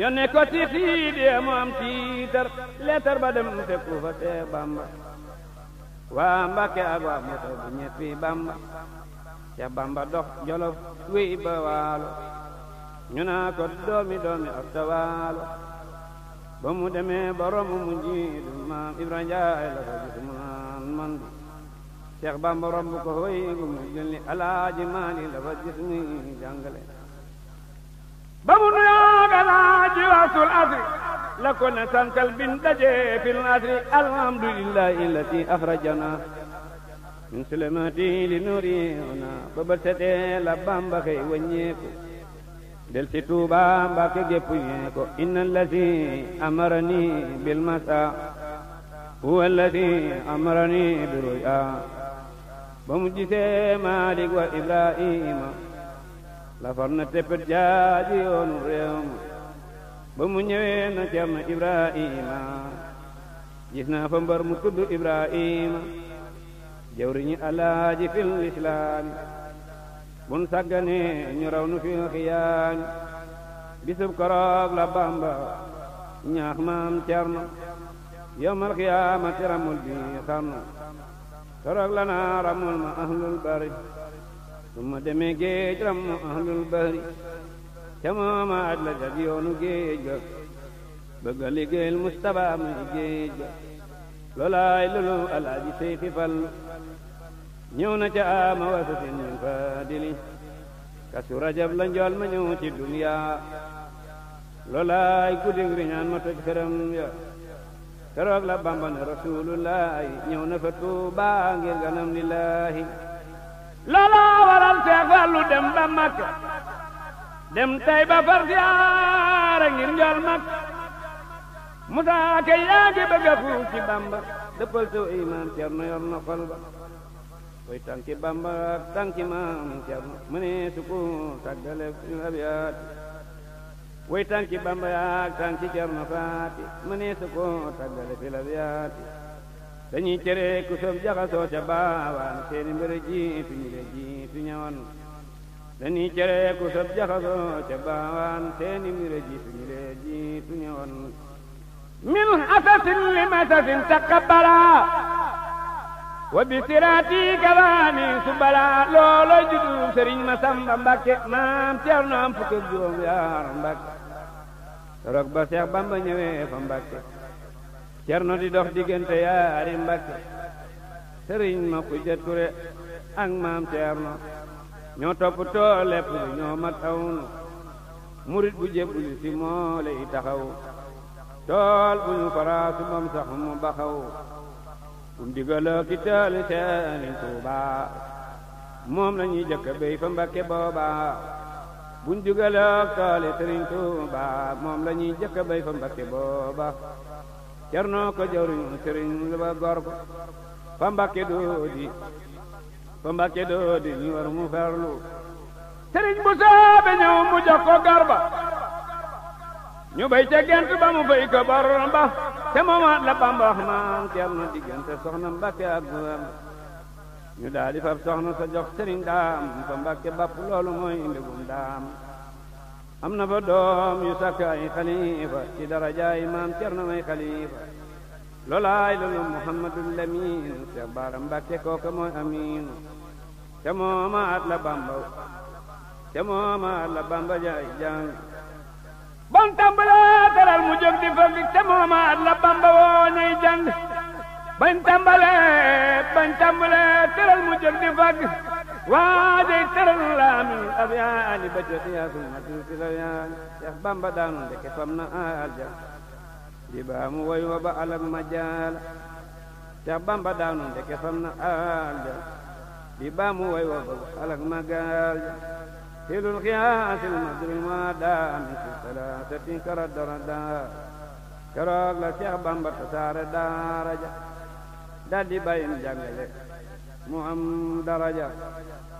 yónne ko ci xiidee mu tiitar leetar ba dem fekku fa te bamba waa mbàkke ak waa moto bu ñëpp bamba ca bamba dox jolof wéy ba waalo ñu naa ko doomi doomi ak tawaalo ba mu demee ba romb mu jiitu maam Ibra la ko gis man bi Seex Bamba romb ko hoy gu mu julli alaaji maali la ko gis muy ba mu nuyoo alaaji waasul asri la ko ne santal bin dajee fil asri alhamdulillahi illati afrajana min sulemati li nuri ona ba ba setee la Bamba xëy wàññeeku del ci Tuuba Mbàkke gépp yee ko inna alladi amarani bil masa huwa alladi amarani bi ruya ba mu gisee Maalik wa Ibrahima lafar na teppet jaaji yoonu ba mu ñëwee na Ibrahima gis naa mbar mu tudd Ibrahima jawriñu alaaji fil islaami bun sàgganee ñu raw nu fil xiyaan bisub koroog la bamba ñaax maam cerno yowmal xiyaamati ramul bi xarnu koroog la naa ramul ma ahlul bari su ma géej ram ahlul bari ca mooma aj la jag géej ga bëgg a liggéeyal mustaba muy géej ga loolaay lulu alaaji seyfi fallu ñëw na ca ama wasatin min fadili kasu rajab la njool ma ñëw ci dunya loolaay guddig riñaan ma toj këram ya keroog la bamba ne rasulullahi ñëw na fa tuuba ngir ganam lillahi loola waral seex dem ba makka dem tay ba far ngir njool makka musaaka yaa ngi bëgga fuuf ci bamba dëppal saw cer na yor na xol koy tànki bamba tànki maam Cerno mu ne su ko tàggale suñu abiyaat way tànki bamba yaag tànki Cerno faati mu ne su ko tàggale fi labiyaati dañuy cere ku cere ku sob jaxasoo ca baawaan seeni mbir jiitu ñu de jiitu ñawan min asasin limasasin taqabala wa bi siraati kawaani su balaa loolo juddu sëriñ ma samba mbakke maam Cerno am fukk ak yaar mbakke rog ba seex bamba ñëwee fa mbakke Cerno di dox diggante yaari mbakke sëriñ ma ku jëture ak maam Cerno ñoo topp too lepp ñoo mat awnu murit bu jébbuli si moo lay taxaw tool bu ñu faraasu bam sax mu baxaw am um digaloo ki taali Serigne Touba moom la ñuy jëkk béy fa Mbakke booba buñ digaloo taali Serigne Touba moom la ñuy jëkk béy fa Mbakke booba ko jawriñu Serigne lu ba gor ko doodi fa doodi ñu war mu farlu Serigne bu soobe ñëw mu jox garba ñu bay ca gent mu fay ko ba te moomaat la bamba wax maam Cerno diggante soxna Mbàkke ak guam ñu daal fab soxna sa jox sëriñ daam fa Mbàkke bapp loolu mooy ndigum daam am na fa doom yu sàkk ay xalifa ci darajaay maam Cerno may xalifa loolaay loolu Muhammadul Lamin Seex Baara Mbàkke kooka mooy amiinu te moomaat la bamba te moomaat la bamba jaay jàng bam tàmbalee teral mu jóg di fëgg te moomaat la bamba woo ñuy jàng bañ tàmbalee bañ tàmbalee teral mu jóg di fëgg waa teral la ab yaani ba jot yaasul ma la yaani Seex bamba daanu ndeke fam na alja di baamu woy wa ba alak ma jaala Seex bamba daanu ndeke fam na alja di baamu woy wa ba alak ma gaal هل الغياث المدر المادام في ثلاثة كرد ردا keroog la Seex Bamba tasaare daaraja daldi bayin jàngale mu am daraja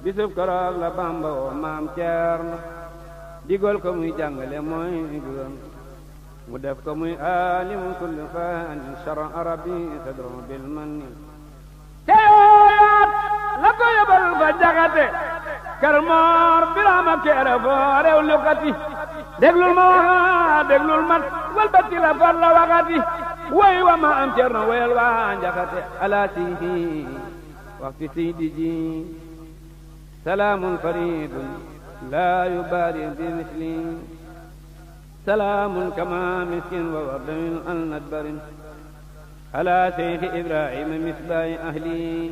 bisub keroog la Bamba woo maam Ceerno digal ko muy jàngale mooy juróom mu def ko muy aalimu kulli faanin shara arabi tadru bil manni teewaat la ko yóbbal fa jaxate kër moor biraama keere foo rew nukati déglul ma waxa déglul man walbati la far la waxati way wa ma am ceerno weel waa njaxate ala siihi waxti siidi ji salaamun faridun laa yubaali bi misli salaamun kama miskin wa wardamin an nadbarin على سيف إبراهيم مصباح أهلي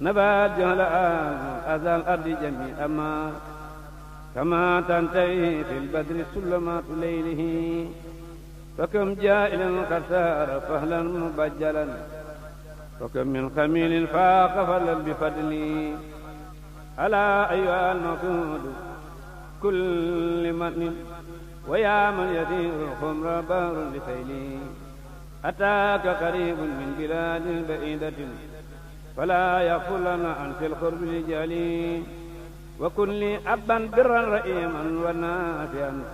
نبات جهل أذى الأرض جميع ما كما تنتهي في البدر سلمات ليله فكم جائلا خسار فهلا مبجلا وكم من خميل فاق فلا بفضلي ألا أيها المقود كل من ويا من يدير خمر بار لسيلي أتاك قريب من بلاد بعيدة فلا يغفر لنا أنت القرب الجليل وكن لي أبا برا رئيما ونافعا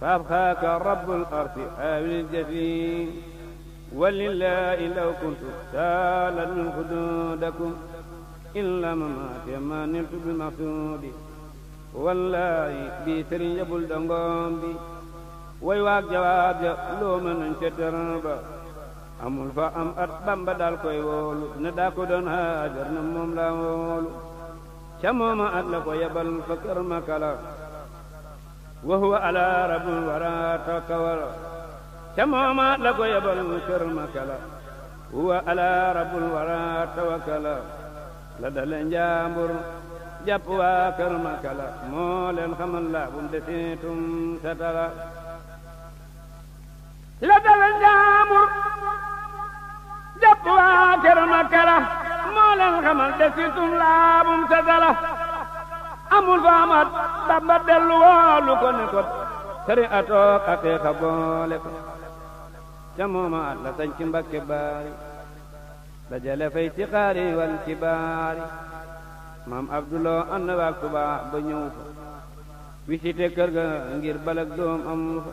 فأبخاك رب الأرض حاول الجفين ولله لو كنت سالا من حدودكم إلا مماتي ما نلت بالمقصود والله بيسر يبل دنقوم بي way waag ja loo mën nañ ca terrain ba amul fa am at bamba daal koy woolu ne daa ko haajar ne moom laa woolu ca mooma at la ko yebal fa kër makala wa huwa ala rabul wara ca mooma at la ko yebal kër makala huwa ala rabul wara tawakkala la dale njaambur jàpp waa kër makala moo leen xamal laa bum desiitum satala la dala njaambur jàpp waa këram ak kala moo leen xamal desitum laabum sa amul fa amat Bamba dellu woolu ko ne ko sëri atoog aqiiqa boole ko ca mooma at la sañ ci mbakke baari dajale fay ci xaari wal ci baari maam abduloo ànd waak ba ñëw fa wisite kër ga ngir balak doom amul fa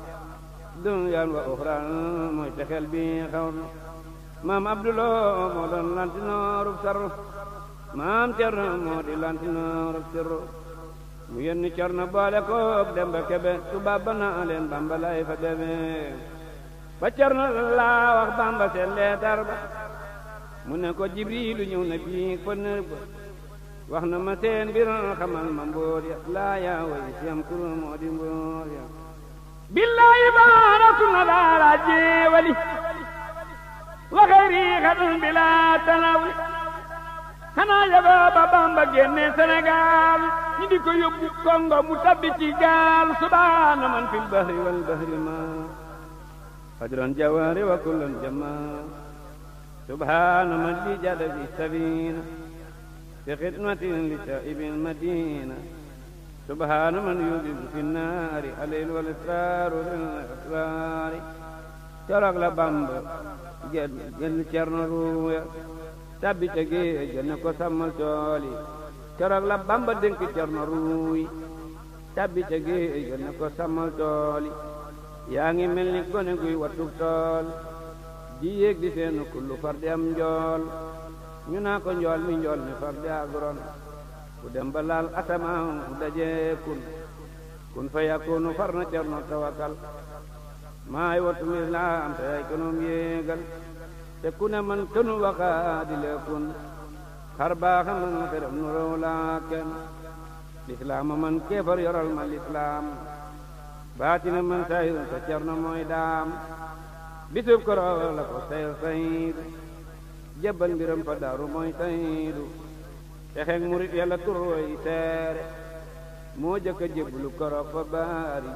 dunyaan wa uxraan mooy texel bi xaw maam abdulo moo doon lantinoorub sar maam cerno moo di lantinoorub sir mu yenni cerno boole koog demba kebe tubaab ba naa fa deme ba cerno laa wax bamba seen leetar ba mu ne ko jibriilu ñëw na bii fa nër wax na ma seen mbir xamal ma mbóor ya laa yaa way siyam kuru moo di mbóor ya billaahi ba ولا راجي ولي وغيري غدر بلا xanaa yaba ba Bamba génne Sénégal ko yóbbu Congo mu tabbi gaal subaana man fil bahri wal bahri ma fajran jawaari wa kullan jama subhaana man li jada fi sabina fi xidmatin li saaibil madina سبحان من يوجد في النار الليل والإسرار والإسرار corog la bamb genn cerno ruuya tabbi ca géej gën ko sàmmal tool yi la bamb dénk cerno ruuy tabbi ca géej gën ko sàmmal tool yaa ngi mel ni gone guy wattu tool di yéeg di seenu kullu far am njool ñu naa ko njool mi njool mi far di agron ku dem ba laal asamaan kun kun fa yakunu far na cerno tawakal maay wattum islaam te ay kanoom yéegal te ku ne man kanu waxa di leekun xar baaxa man te def nu raw laa kenn lislaama man keefar yoral ma lislaam baatina man sayru te cerno mooy daam bisub koroo la ko sayr sayru jëbbal mbiram fa daaru mooy sayru texeeg murit yàlla turooy seere moo jëkk a jéblu koro fa baari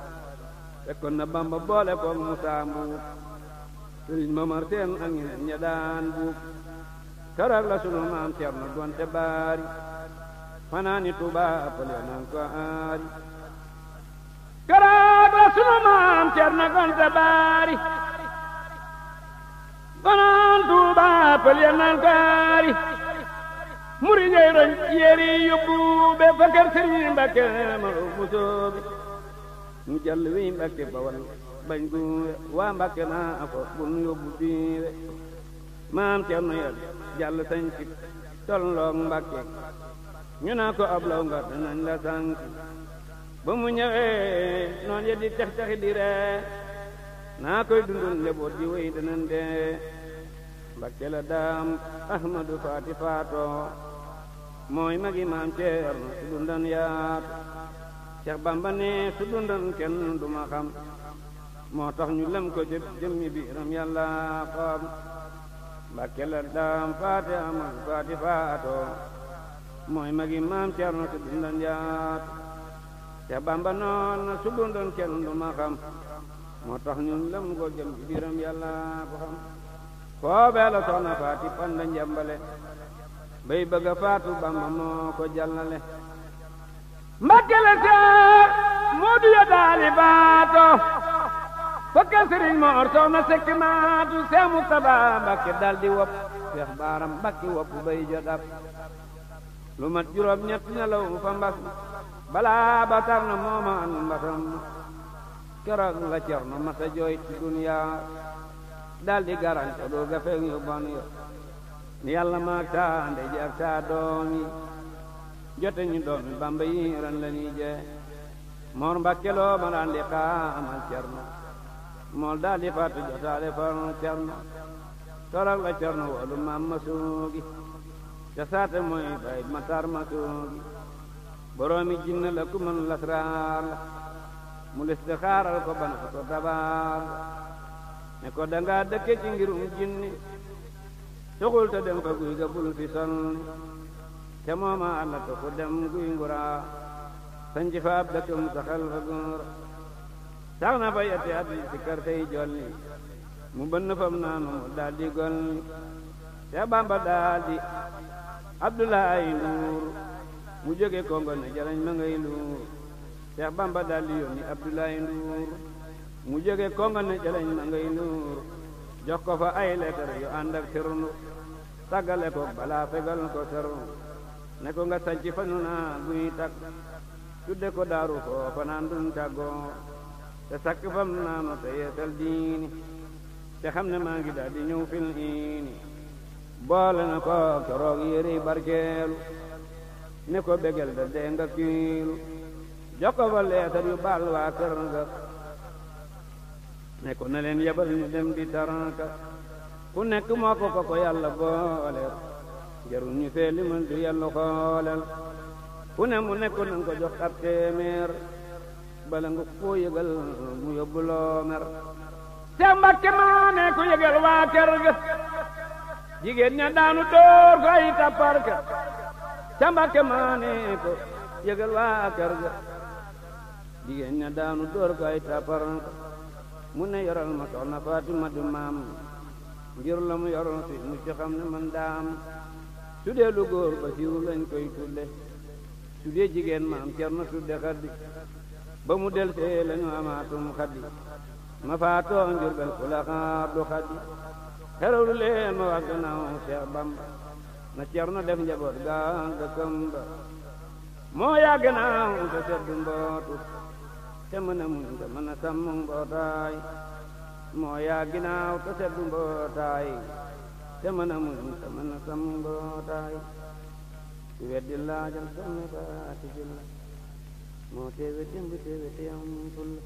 fekkoon na bamba boole koog musaa mbuub sëriñ mamar teen ak ñeneen ña daan buub karak la sunu maam Cerno doonte baari fanaani tuba appale naan ko aari karak la sunu maam Cerno doonte baari fanaan tuba appale naan ko aari murid yi roñ yéeri yóbbu be fa kër sëriñ Mbàkke ma musoo bi mu jàll wi Mbàkke ba wan bañ gu waa Mbàkke naa ko bu nu yóbbu biire maam Cerno yal jàll sañ ci tolloog ñu naa ko ab law nga danañ la sànk ba mu ñëwee noon ya di tex texi di ree naa koy dundal njaboot ji wéy danañ dee Mbàkke la daam Ahmadu Faati faatoo mooy magi maam ceer na su dundan yaatu Bamba ne su kenn du ma xam moo tax ñu lem ko jë jëmmi biiram yàlla xam mbàkke la daam faate amal faati faatoo mooy Bamba noon na su kenn du ma xam moo tax ñu lem ko jëm ci biiram yàlla ko xam foobee la soxna faati bay bëgg a faatu Bamba moo ko jàllale Mbàkke la seex moo du yodaali baato fokka sëriñ Moor Soxna Sekk maatu Seex Mustaba Mbàkke daldi wopp Seex Baaram Mbàkke wopp bay jot ab lu mat juróom ñett nelaw fa mbas balaa ba tar mooma an mbasam keroog la Cerno masa jooy ci duniyaa daldi garante doo ga yu bon yo yàlla maag taa ndey ji ak taa doom jote ñu doomi bamba yi la ñuy jee moor mbàkkeloo ma daan di xaamal cerno mool daal di fàttu jotaale far cerno torak la cerno woolu maam ma suugi te saate mooy bay ma tar ma suugi boroomi jinna la ku mën lasraar la mu lis ko bana ko ne ko dangaa dëkke ci ngirum jinni suxul te dem fa guy ga bul fi sonn te mooma ku dem guy nguraa sanci fa ab dëkkam saxal fa góor na fay ati at si kar tey jolli mu bënn fam naanu mu daal di golli te bamba daal di abdulaayi nduur mu jóge kongo ne jarañ luur Seex Bamba daal di yónni Abdoulaye mu jóge Kongo ne jalañ ma jox ko fa ay leetar yu ànd ak sirnu tàggale ko balaa fegal ko sernu ne ko nga sanc fanu na guy tag tudde ko daaru ko fanaan dun tàggoo te sakk fam naanu te yeesal diini te xam ne maa ngi daal di ñëw fil iini boole na ko toroog yëri barkeelu ne ko begel da dee nga kiilu jox fa leetar yu baal waa kër nga ne ko na leen yebal ñu dem di daranka ku nekk moo ko ko ko yàlla booleel jarul ñu fee limal du yàlla xooleel ku ne mu nekk na ko jo ab téeméer bala nga koo mu yóbbu loo mer te ko yëgal waa kër ga jigéen ña daanu door ko ay tappar ka te mbakke ko yëgal waa kër ga jigéen ña daanu door ko ay tappar ka mun na yoral ma soxna Fatima di maam ngir la mu yoroon mu ci xam ne man daam su dee ba siiru lañ koy tulle su jigéen maam Cerno tudde xaddi ba mu del ñu amaatum xaddi ma faatoo ngir bel ku la du xaddi xeralu leen ma wax gannaaw Cheikh Bamba na Cerno def njaboot gaa dëkkam ba moo yaa gannaaw te seddu mbootu te mën a muñ te mën moo yaa ginaaw te seddu mbootaay te mën a muñ te mën a sàmm mbootaay ku weddi laajal sonn baati jël moo teewe démb teewe te am ful la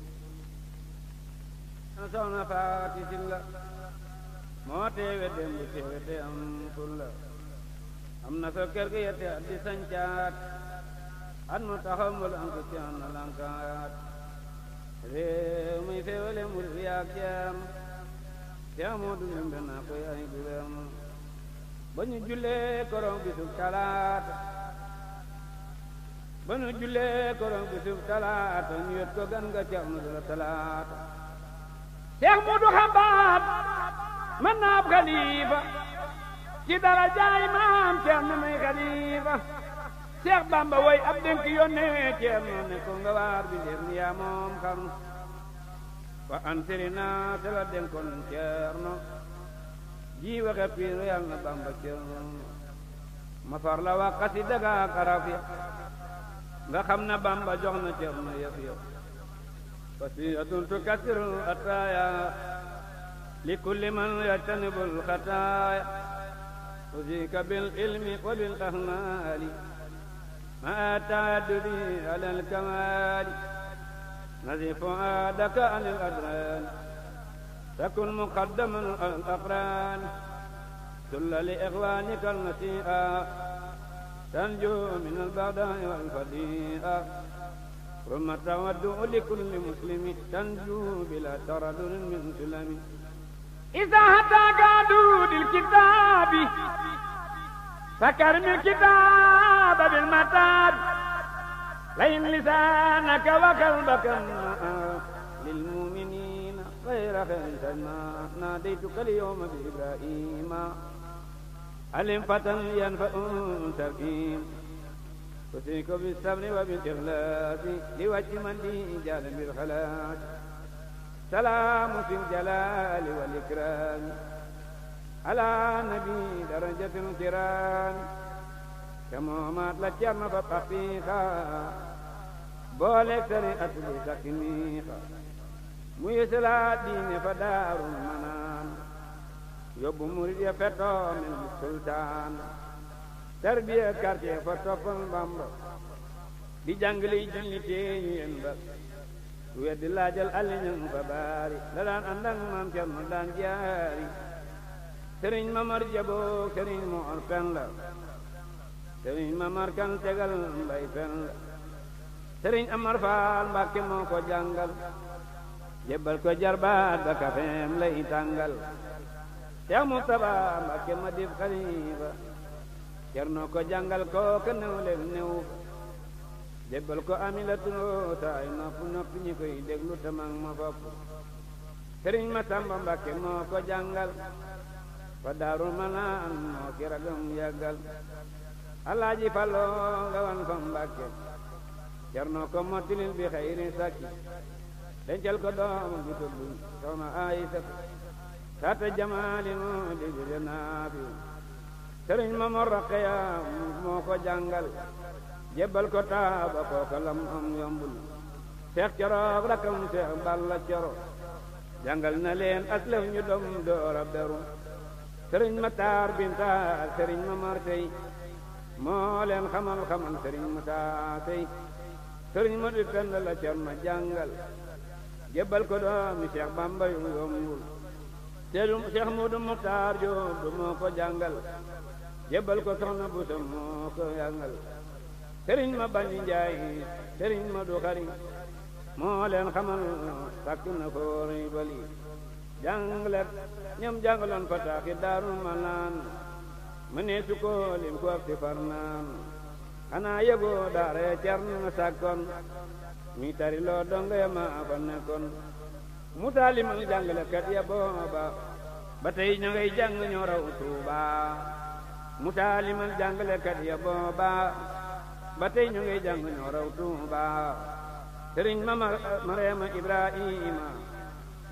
soxna faati jël la moo teewe démb teewe te am ful am na ko kër gi yette at di at mu taxaw mbal am ko ci an réew mi féewale murit yaag jaam yaa moo dundam benn koy ay gouvernement ba ñu jullee korong bisub talaata talaata ñu yot gan nga ceex nu dula talaata ceex mu xambaat mën naab xaliifa ci dara jaay maam ceex may xaliifa Seex Bamba way ab dénk yónnee Ceerno ne ko nga waar bi ndéef mi yaa moom xarnu wa ansiri na te la dénkoon ji waxe piiru na Bamba Ceerno ma far la wax xasida ga ya nga xam na Bamba jox na Ceerno yëf yëf wasiyatun tukasiru ataaya li kulli man yajtanibul xataaya usika bil ilmi wa bil ahmaali ما تعدلي على الكمال نزي فؤادك عن الأدران تكن مقدما الأقران ذل لإخوانك المسيئة تنجو من البعداء والفضيئة رم التودع لكل مسلم تنجو بلا تردد من سلم إذا هتاك عدود الكتاب فكرم الكتاب بالمتاب لين لسانك وقلبك للمؤمنين غير خير ما ناديتك اليوم بإبراهيم علم فتى ينفع تركيم أتيك بالصبر وبالإخلاص لوجه من به جال بالخلاص سلام في الجلال والإكرام ala nabi darajatil kiram ca moomaat la cerno ba paqiixa booleeg tari atuli sakiniixa mu yësalaat diine fa daarul manaan yóbbu murid ya fetoo mel ni sultaan tarbiya quartier fa toppal bamba di jàngale julli yen ba ku weddi laajal alliñan fa baari la daan ànd ak maam cerno daan jaari sëriñ mamar jaboo sëriñ moor fen la sëriñ mamar kan tegal mbay fen la sëriñ amar faal mbàkke moo ko jàngal jébbal ko jarbaat ba kafeem lay tàngal seex mustaba mbàkke ma dib xalifa cerno ko jàngal ko ka new leen new jébbal ko amilatuloo taay nopp nopp ñi koy déglu tamang ma fopp sëriñ ma samba mbàkke moo ko fa daarul manaan moo ki ragam yàggal alaaji faloo nga wan fa mbàkke jarnoo ko mottilil bi xayri sàkki dencal ko doom bi tuddu soxna ayisa tata jamaali moo di bi de naafi sëriñ ma mo raqeya moo ko jàngal jébbal ko taaba kooka lam am yombul seex coroog rakam seex balla coro jàngal na leen aslaf ñu dom doora beru sëriñ Mataar Binta sëriñ Mamar Sey moo leen xamal xamal sëriñ Musaa Sey sëriñ Madu Pend la Cerno jàngal jébbal ko doomi Cheikh Bamba yu yombul te du Cheikh Mudu Muxtaar Jóob du ko jàngal jébbal ko soxna Buso moo ko jàngal ma bañi Njaay sëriñ Madu Xari moo leen xamal sàkk jànglet ñoom jàngaloon ko taaxi daarul manaan mu ne su ko lim ko ab ti farnaan xanaa yëgoo daara ya cernu sàkkoon mi tari loo donga ya maa fa nekkoon mu taalim ak jàngalekat ba tey ña jàng ñoo raw Tuuba mu taalim ak jàngalekat ya ba tey ñu jàng ñoo raw Tuuba ma Mariama Ibrahima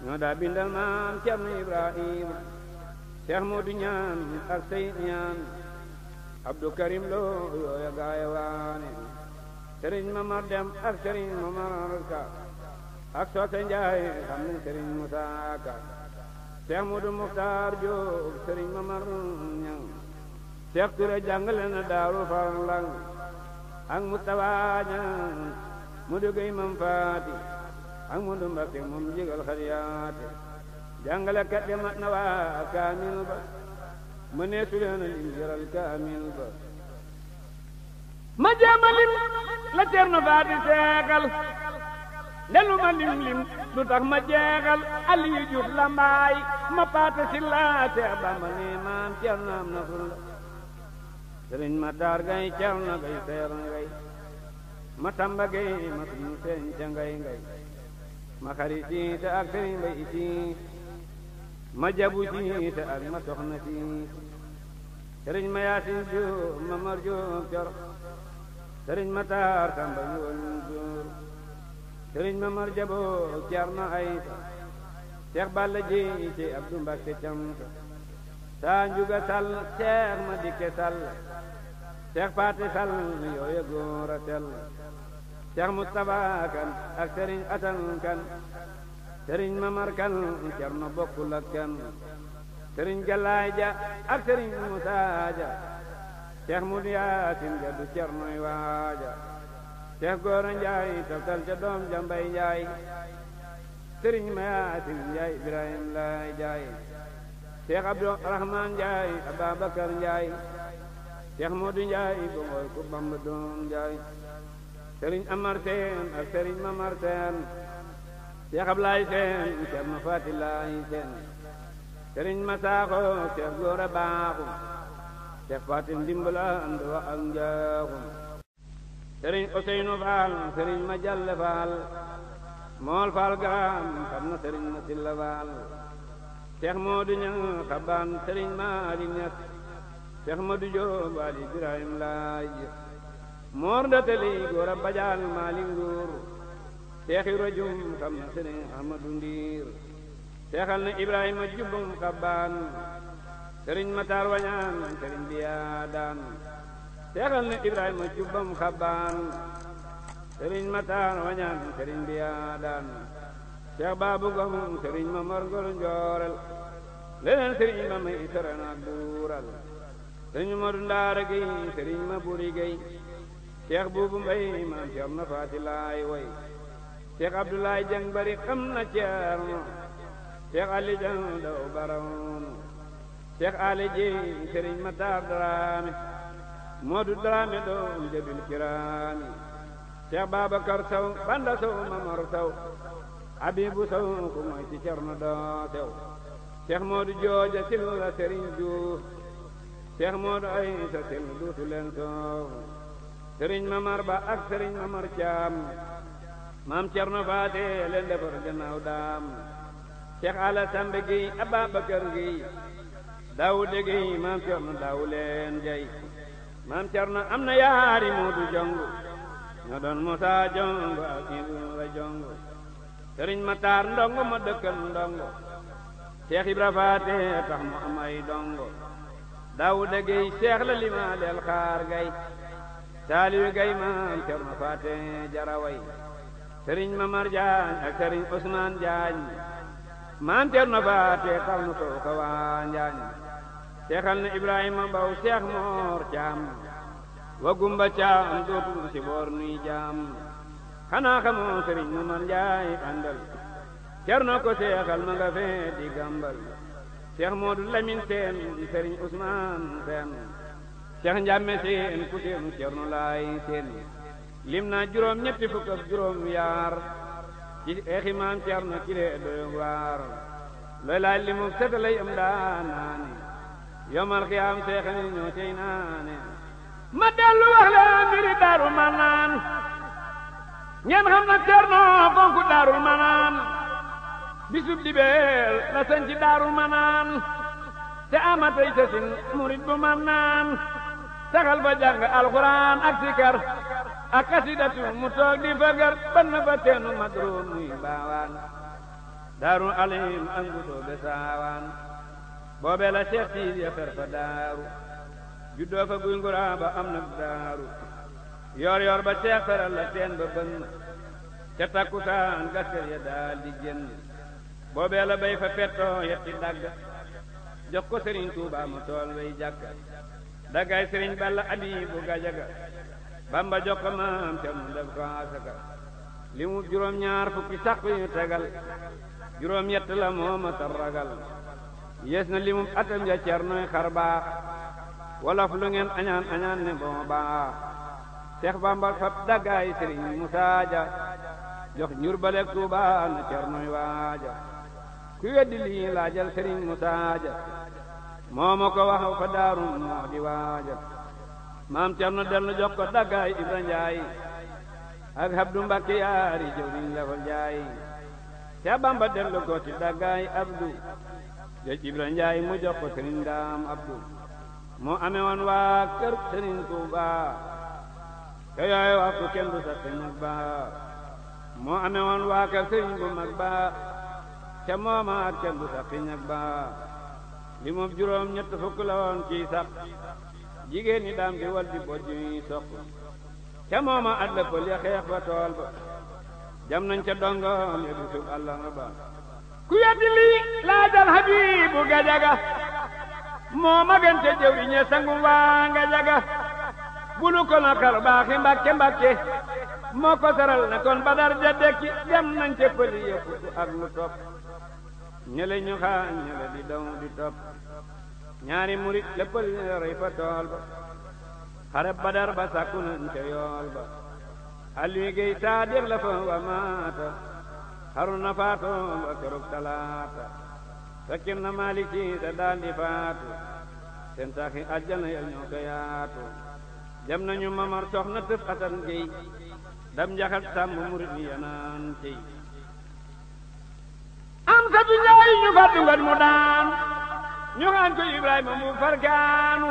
ñoo daa bindal maam Cerno Ibrahima Seex Moodu ñaan ak Seyid ñaan Abdou Karim Lo yooya gaaya waane Sëriñ Mamar Dem ak Sëriñ Mamar Ka ak Soose Njaay xam ne Sëriñ Musaa Ka Seex Moodu Muxtaar Jóob Sëriñ Mamar Ñaŋ Seex Ture jàngale na daaru farlang ak Mustafa mu dugay mam faati Amadu Mbakke moom jégal xariyaate jàngalekat bi mat na waa kaamil ba ma neesu leen lim jaral kaamil ba ma lim la Ceerno Faati seekal ndelu ma lim lim du tax ma jeexal Aliyu Juuf la mbaay ma paate si a Bamba ne maam Ceerno am na ful sëriñ ma taar gay Ceerno gay seer ngay ma tamba gay ma suñu seen ca ngay ngay ma xarit ci te ak sëriñ mbay ci ma jabu ci te ak ma soxna ci sëriñ ma yaasin jóob ma mar cor sëriñ ma taar tamba ñuul jóor sëriñ ma mar car ma ay seex balla ji ci abdu mbakke camta saa njuga sal seex ma dikke sal seex paate sal yooya góor a Cheikh Moustapha kan ak Serigne Atal kan Serigne Mamar kan Cerno bokkul ak kan Serigne Jalaay ak Serigne Moussa ja Cheikh Mudu ja du Cernoy waaja Cheikh Góora Njaay taftal ja doom Njaay Serigne Ma Njaay Ibrahim Laay Njaay Cheikh Abdourahman Njaay Ababakar Njaay Cheikh Mudu Njaay bongoy ku Bamba Njaay sëriñ amar seen ak sëriñ mamar seen seex ablaay seen cerno fatilaay seen sëriñ masaaxo seex góor a baaxu seex fatim dimbala and wa ak njaaxu sëriñ faal sëriñ ma jalle faal mool faal gaam xam na sëriñ ma silla faal seex moodu ñaŋ xabaan sëriñ maari ñas seex madu joob ali ibrahim laay moor datali góor a bajaan maali nguur seexi rajum xam na sene ahmadu ndiir seexal na ibrahima jubbum xabbaan sëriñ mataar wañaan sëriñ biyaa daan seexal na ibrahima jubbam xabbaan sëriñ mataar wañaan sëriñ biyaa daan seex baabu gom sëriñ ma morgol njoorel leneen sëriñ ma may sorana duural sëriñ ma dundaara gay sëriñ ma buri gay seex buubu mbay maam seex na faati laay way seex abdulaay jang xam na ceerno seex ali daw barawnu seex ali jeey sëriñ mataar daraame moodu daraame doom jabil kiraami seex baabakar saw banda saw mamar saw abibu saw ku mooy ci cerno doo sew seex moodu jooja silla sëriñ juuf seex moodu ay sa silla duutu leen soow sëriñ mamar ba ak sëriñ mamar caam maam cerno faate leen defar gannaaw daam cheikh ala sambe gi ababakar gi daawude gi maam cerno daawu leen jay maam cerno am na yaari moodu jongu ñoo doon musa jongu ak ibrahima jongu sëriñ mataar ndongo ma dëkkal ndongo cheikh ibra faate tax mu am ay dongo daawude gi cheikh la limaaleel xaar gay taalibi gay maam Cerno Faate Jaraway sëriñ Mamar Jaañ ak sëriñ Usmaan Jaañ maam Cerno Faate xal na ko ka waa Jaañ seexal na Ibrahima Mbaw Seex Moor Caam wa gumba caam dootul ci boor nuy jaam xanaa xamoo sëriñ Mamar Njaay àndal Cerno ko seexal ma nga fee di gàmbal Seex Lamin Seen di sëriñ Usmaan Seen Cheikh Njàmme seen ku seenu Cerno Laay seen lim na juróom ñetti fukk ak juróom yaar ci eexi maam Cerno ci lee doy waar looy laaj li mu sete lay am daa naane yomal xiyaam seexani ñoo tey ma dellu wax leen mbiri daaru manaan ngeen xam nag Cerno fonku daarul manaan bisub dibeel la sañ ci daarul manaan te amatay sasin murit bu manaan saxal fa jàng alxuraan ak sikar ak kasidatu mu toog di fagar ban na fa teenu madroon muy baawaan daaru alim angutoo be saawaan boobe la Seex Siidi ya fa daaru juddoo fa guy nguraa ba am na daaru yor yor ba ceex la teen ba bëng na ca takkusaan gaskër ya daal di génn la bay fa pettoo yetti dagg jox ko Sëriñ Tuubaa mu tool way jàkka daggay sëriñ balla abibu gajaga bamba jox maam te def ko asaka li juróom ñaar fukki sàq tegal juróom yett mooma tar ragal na li mu atam ja noy xar baax wolof lu ngeen añaan añaan ne boma baax seex bamba fab daggaay sëriñ musaa ja jox njur bale tuuba na cer noy waaja ku weddi lii laajal sëriñ musaa ja moo ma ko wax fa daaru moo di waajal maam Cerno dellu jox daggaay Ibra Njaay ak Abdu Mbàkke yaari jëwriñ la fa Bamba dellu ko daggaay Abdu jëj Ibra mu jox ko sëriñ Daam Abdu waa kër sëriñ Tuuba te yooye wax ku kenn du ba moo amee waa kër sëriñ bu ba te moo ma kenn du ba li moom juróom ñett fukk la woon ciy sax jigéen ñi daam di wal di bojj yi ca mooma at pël ya ba tool ba jam nañ ca dongoom ya bisub allah nga ba ku weddi lii laajal habibu gajaga moo magan ca jëw yi ñe sangu waa nga jaga bulu ko na kar baaxi mbàkke mbàkke moo ko saral ne kon badar ja dekki jam nañ ca pëli yëpp ak lu topp ñële xaañ ñële di daw di topp ñaari murit léppal rey fa tool ba xarab badar ba sàkku nañ yool ba Aliou Gueye taadir fa wa maata xaru na faatu ba talaata fekkir na maliki daal di faatu seen taaxi àjjana yal ñoo ko yaatu dem nañu mamar soxna tëf atan Gueye dam njaxat sàmm murit yi yanaan cey am satu njaay ñu fàttu ngat mu daanu ñu ngaan ko ibrahima mu farkaanu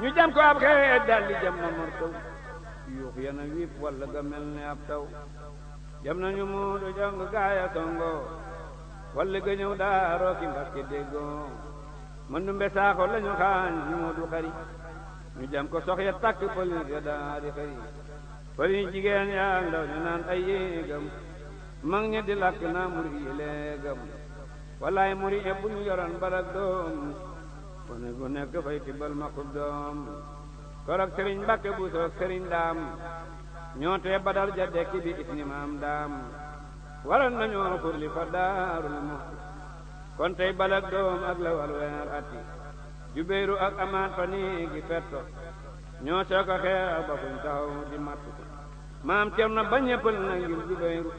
ñu jam ko ab xeet daldi jam na mar taw yuux yana wiip walla ga mel ni ab taw jam nañu muudu jong gaaya tongo walla ga ñëw daaroo ki mbakke déggoo mën nu mbe lañu la ñu xaañ ñu xari ñu jam ko sox ya takk pëlin ya daari xari pëlin jigéen yaa ndaw ñu naan ay yéegam mag ña di làkk naa muri yi léegam walaay muri e bu ñu yoroon balak doom kone gu nekk fay tibbal makub doom korok sëriñ mbàkke bu soog sëriñ daam ñoo tee badal ja dekki bi is nimaam daam waroon nañoo furli fa daarul muxti kon tey balak doom ak la weer atti jubéeru ak amaat fa nii ñoo soo ko xeex ba fuñ taxaw di mattu maam cer na ba na ngir jubéeru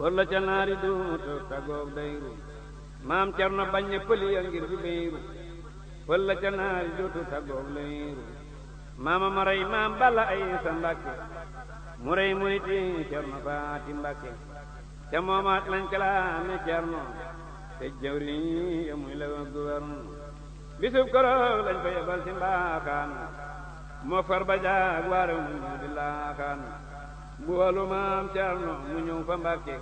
kor la ca naari duuta tagoog dayru maam cerno bañ ne pëli ya ngir bi ca naari duuta tagoog layru maama ma rey maam balla ay sa mbàkke muriti cerno faati mbàkke ca moomaat lañ kalaame cerno te jawri ya muy la gouverneur bisub koroog lañ ko yebal si moo far ba jaag waare mu di laaxaan mbuwalu maam Cerno mu ñëw fa Mbàkke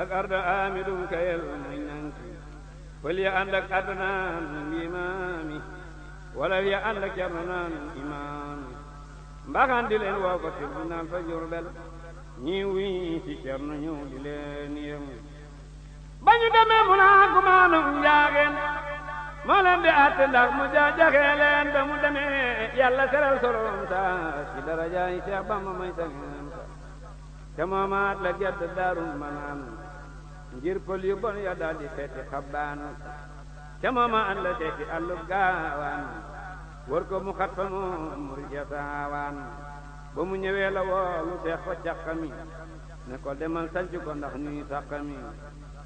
ak arda amidum kayel muy nanki fël ya ànd ak adda naan mbi maami wala ya ànd ak Cerno naan imaami mbaxaan di leen woo ko tribunal fa Jurbel ñi wuy si Cerno ñëw di leen yemu ba ñu mu naa gumaanum njaageen moo leen di àtte ndax mu jaajaxe leen ba mu demee yàlla seral solom saa si darajaay Seex Bamba may te moomaat la gerte daarul manaan ngir pël yu bon ya daal di feeti xabbaan te moomaat la teeti allub gaawaan war ko mu xat mu riya saawaan ba mu ñëwee la woolu seex fa càqami ne ko demal sanc ko ndax ñuy sàqami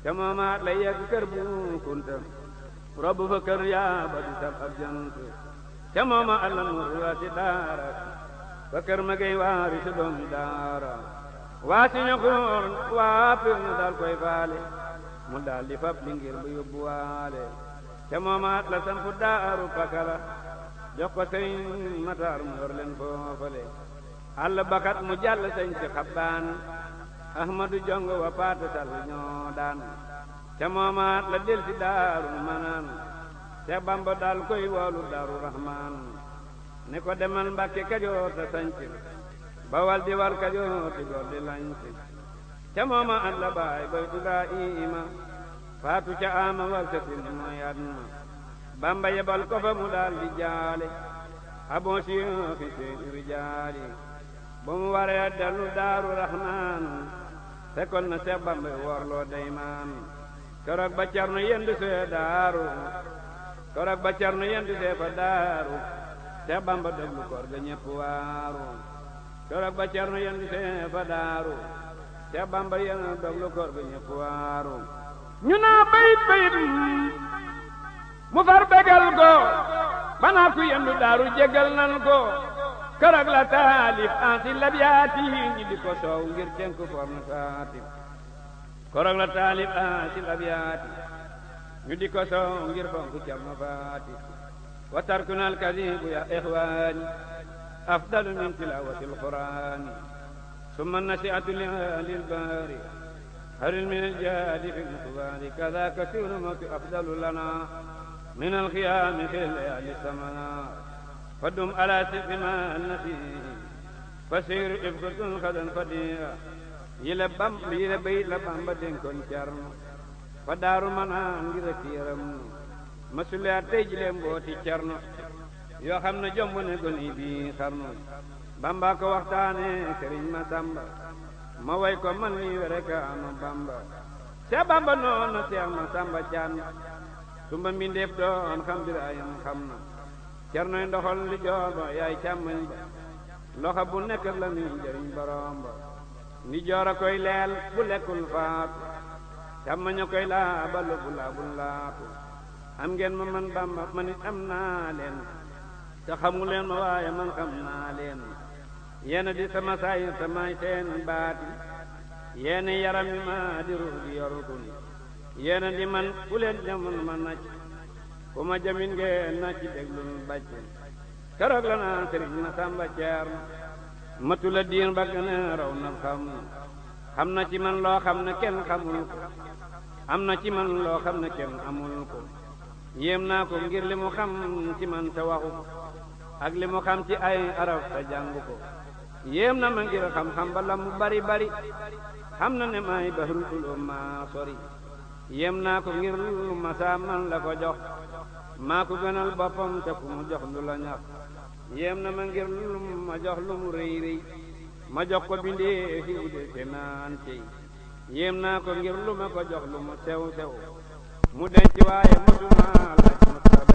te moomaat la yegg kër bu kunta robb yaa ba di sab ab jant te moomaat la nuur waa si daara ma gay waari si daara waa si ñu xuur waa pir ñu daal koy faale mu daal fab li bu yóbbu waale moomaat la san daaru pakala jox ko sëriñ mataar mu yor leen foofale àll bakat mu jàll sëñ si xabbaan ahmadu jong wa paatasal ñoo daan te moomaat la del si daaru manaan te bamba daal koy woolu daaru rahmaan ni ko demal mbàkke kajoor ta sañc bawal di war kajoor di gor di lañse ca mooma at baay baytulaa iima faatu ca aama war sa tin bamba yebal ko fa mu daal di jaale abon si fi seen rijaali bu mu waree dellu daaru raxmaan fekkoon na seex bamba worloo deymaan korog ba carno yendu see daaru korog ba carno yendu see fa daaru seex bamba déglu koor ga ñépp waaru keroog ba cerno yendu see daaru te bamba yenn doglu kor gi ñëpp waaru ñu naa bayit bayit mu far begal ko ba naa yendu daaru jéggal nan ko keroog la taalif ansi labiyaati ñi di ko ngir tenk forn saati keroog la taalif ansi labiyaati ñu di ko ngir fonk cerno faati wa tarkunal kasibu ya ixwaani afdal min tilawati alqurani summa nasiatu liali lbari haril min aljahdi fi lmutbari kada kasiru ma fi afdalu lana min alqiyami fi layali samana fadum ala sifi ma nasi fasiru ibkatun xadan fadiya yila bam yila bayit la bamba dénkoon carno fa daaru manaan ngir a kiiram masulaat tey jilee mbooti carno yoo xam na jomb ne gon i xarnu bamba ko waxtaane sëriñ ma samba ma way ko man mi wereka ama bamba ca bamba noonu seex ma samba caan sumba mbindeef doon xam bir ayam xam na cernoy ndoxol li joor ba yaay càmmañ loxo bu nekk la mi njëriñ borom ba a koy leel bu lekkul faatu càmmaña koy laa ba lobu laabul laatu am ngeen ma man bamba ma nit am naa leen te xamu leen ma waaye man xam naa leen yéen di sama saayir samay seen baati yéen yaram ma di ruux di yorukun yéen di man ku leen jamono ma jamin ngeen nacc déglul bàcce keroog la naan sëriñ ma sàmba ceer ba gën a raw na xam na ci man loo xam ne kenn xamul ko na ci man loo xam ne kenn amul ko yéem naa ko ngir li mu xam ci man te waxu ak li mu xam ci ay arab te jàngu ko yéem na ma ngir xam-xam ba mu bari bari xam na ne may bahrul uluma sori yéem naa ko ngir lu ma saa man la ko jox maa ko gënal boppam te ku mu jox lu la ñax yéem na ma ngir lu ma jox lu mu rëy rëy ma jox ko bindee fi wude te naan tey yéem naa ko ngir lu ma ko jox lu mu sew sew mu denc waaye mosuma laaj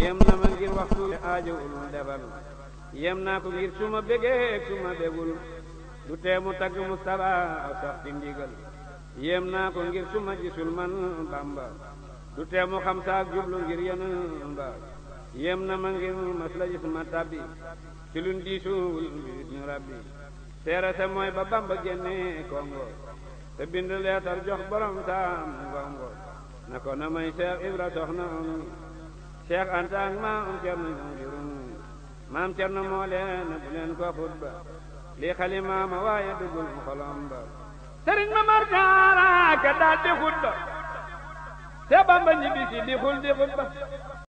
yem na ma ngir waxtu te aajowul defal yem naa ko ngir suma bégee suma bégul du tee tagg mu sax di ndigal yem naa ko ngir suma gisul man bamba du tee xam saak jublu ngir yenn ba yem na ma ngir mas la gis ma ci lun diisuwul bis ñu rabbi seere se mooy ba bamba génne kongo te bind jox borom taam ngongo na ko na may Seex Ibra soxna Cheikh Anta ak maam Cerno ñoo maam Cerno moo leen bu leen ko xutba lii xalima waaye dugul mu xolom ba ma mar ka daal di xutba te Bamba ñibbisi di xul di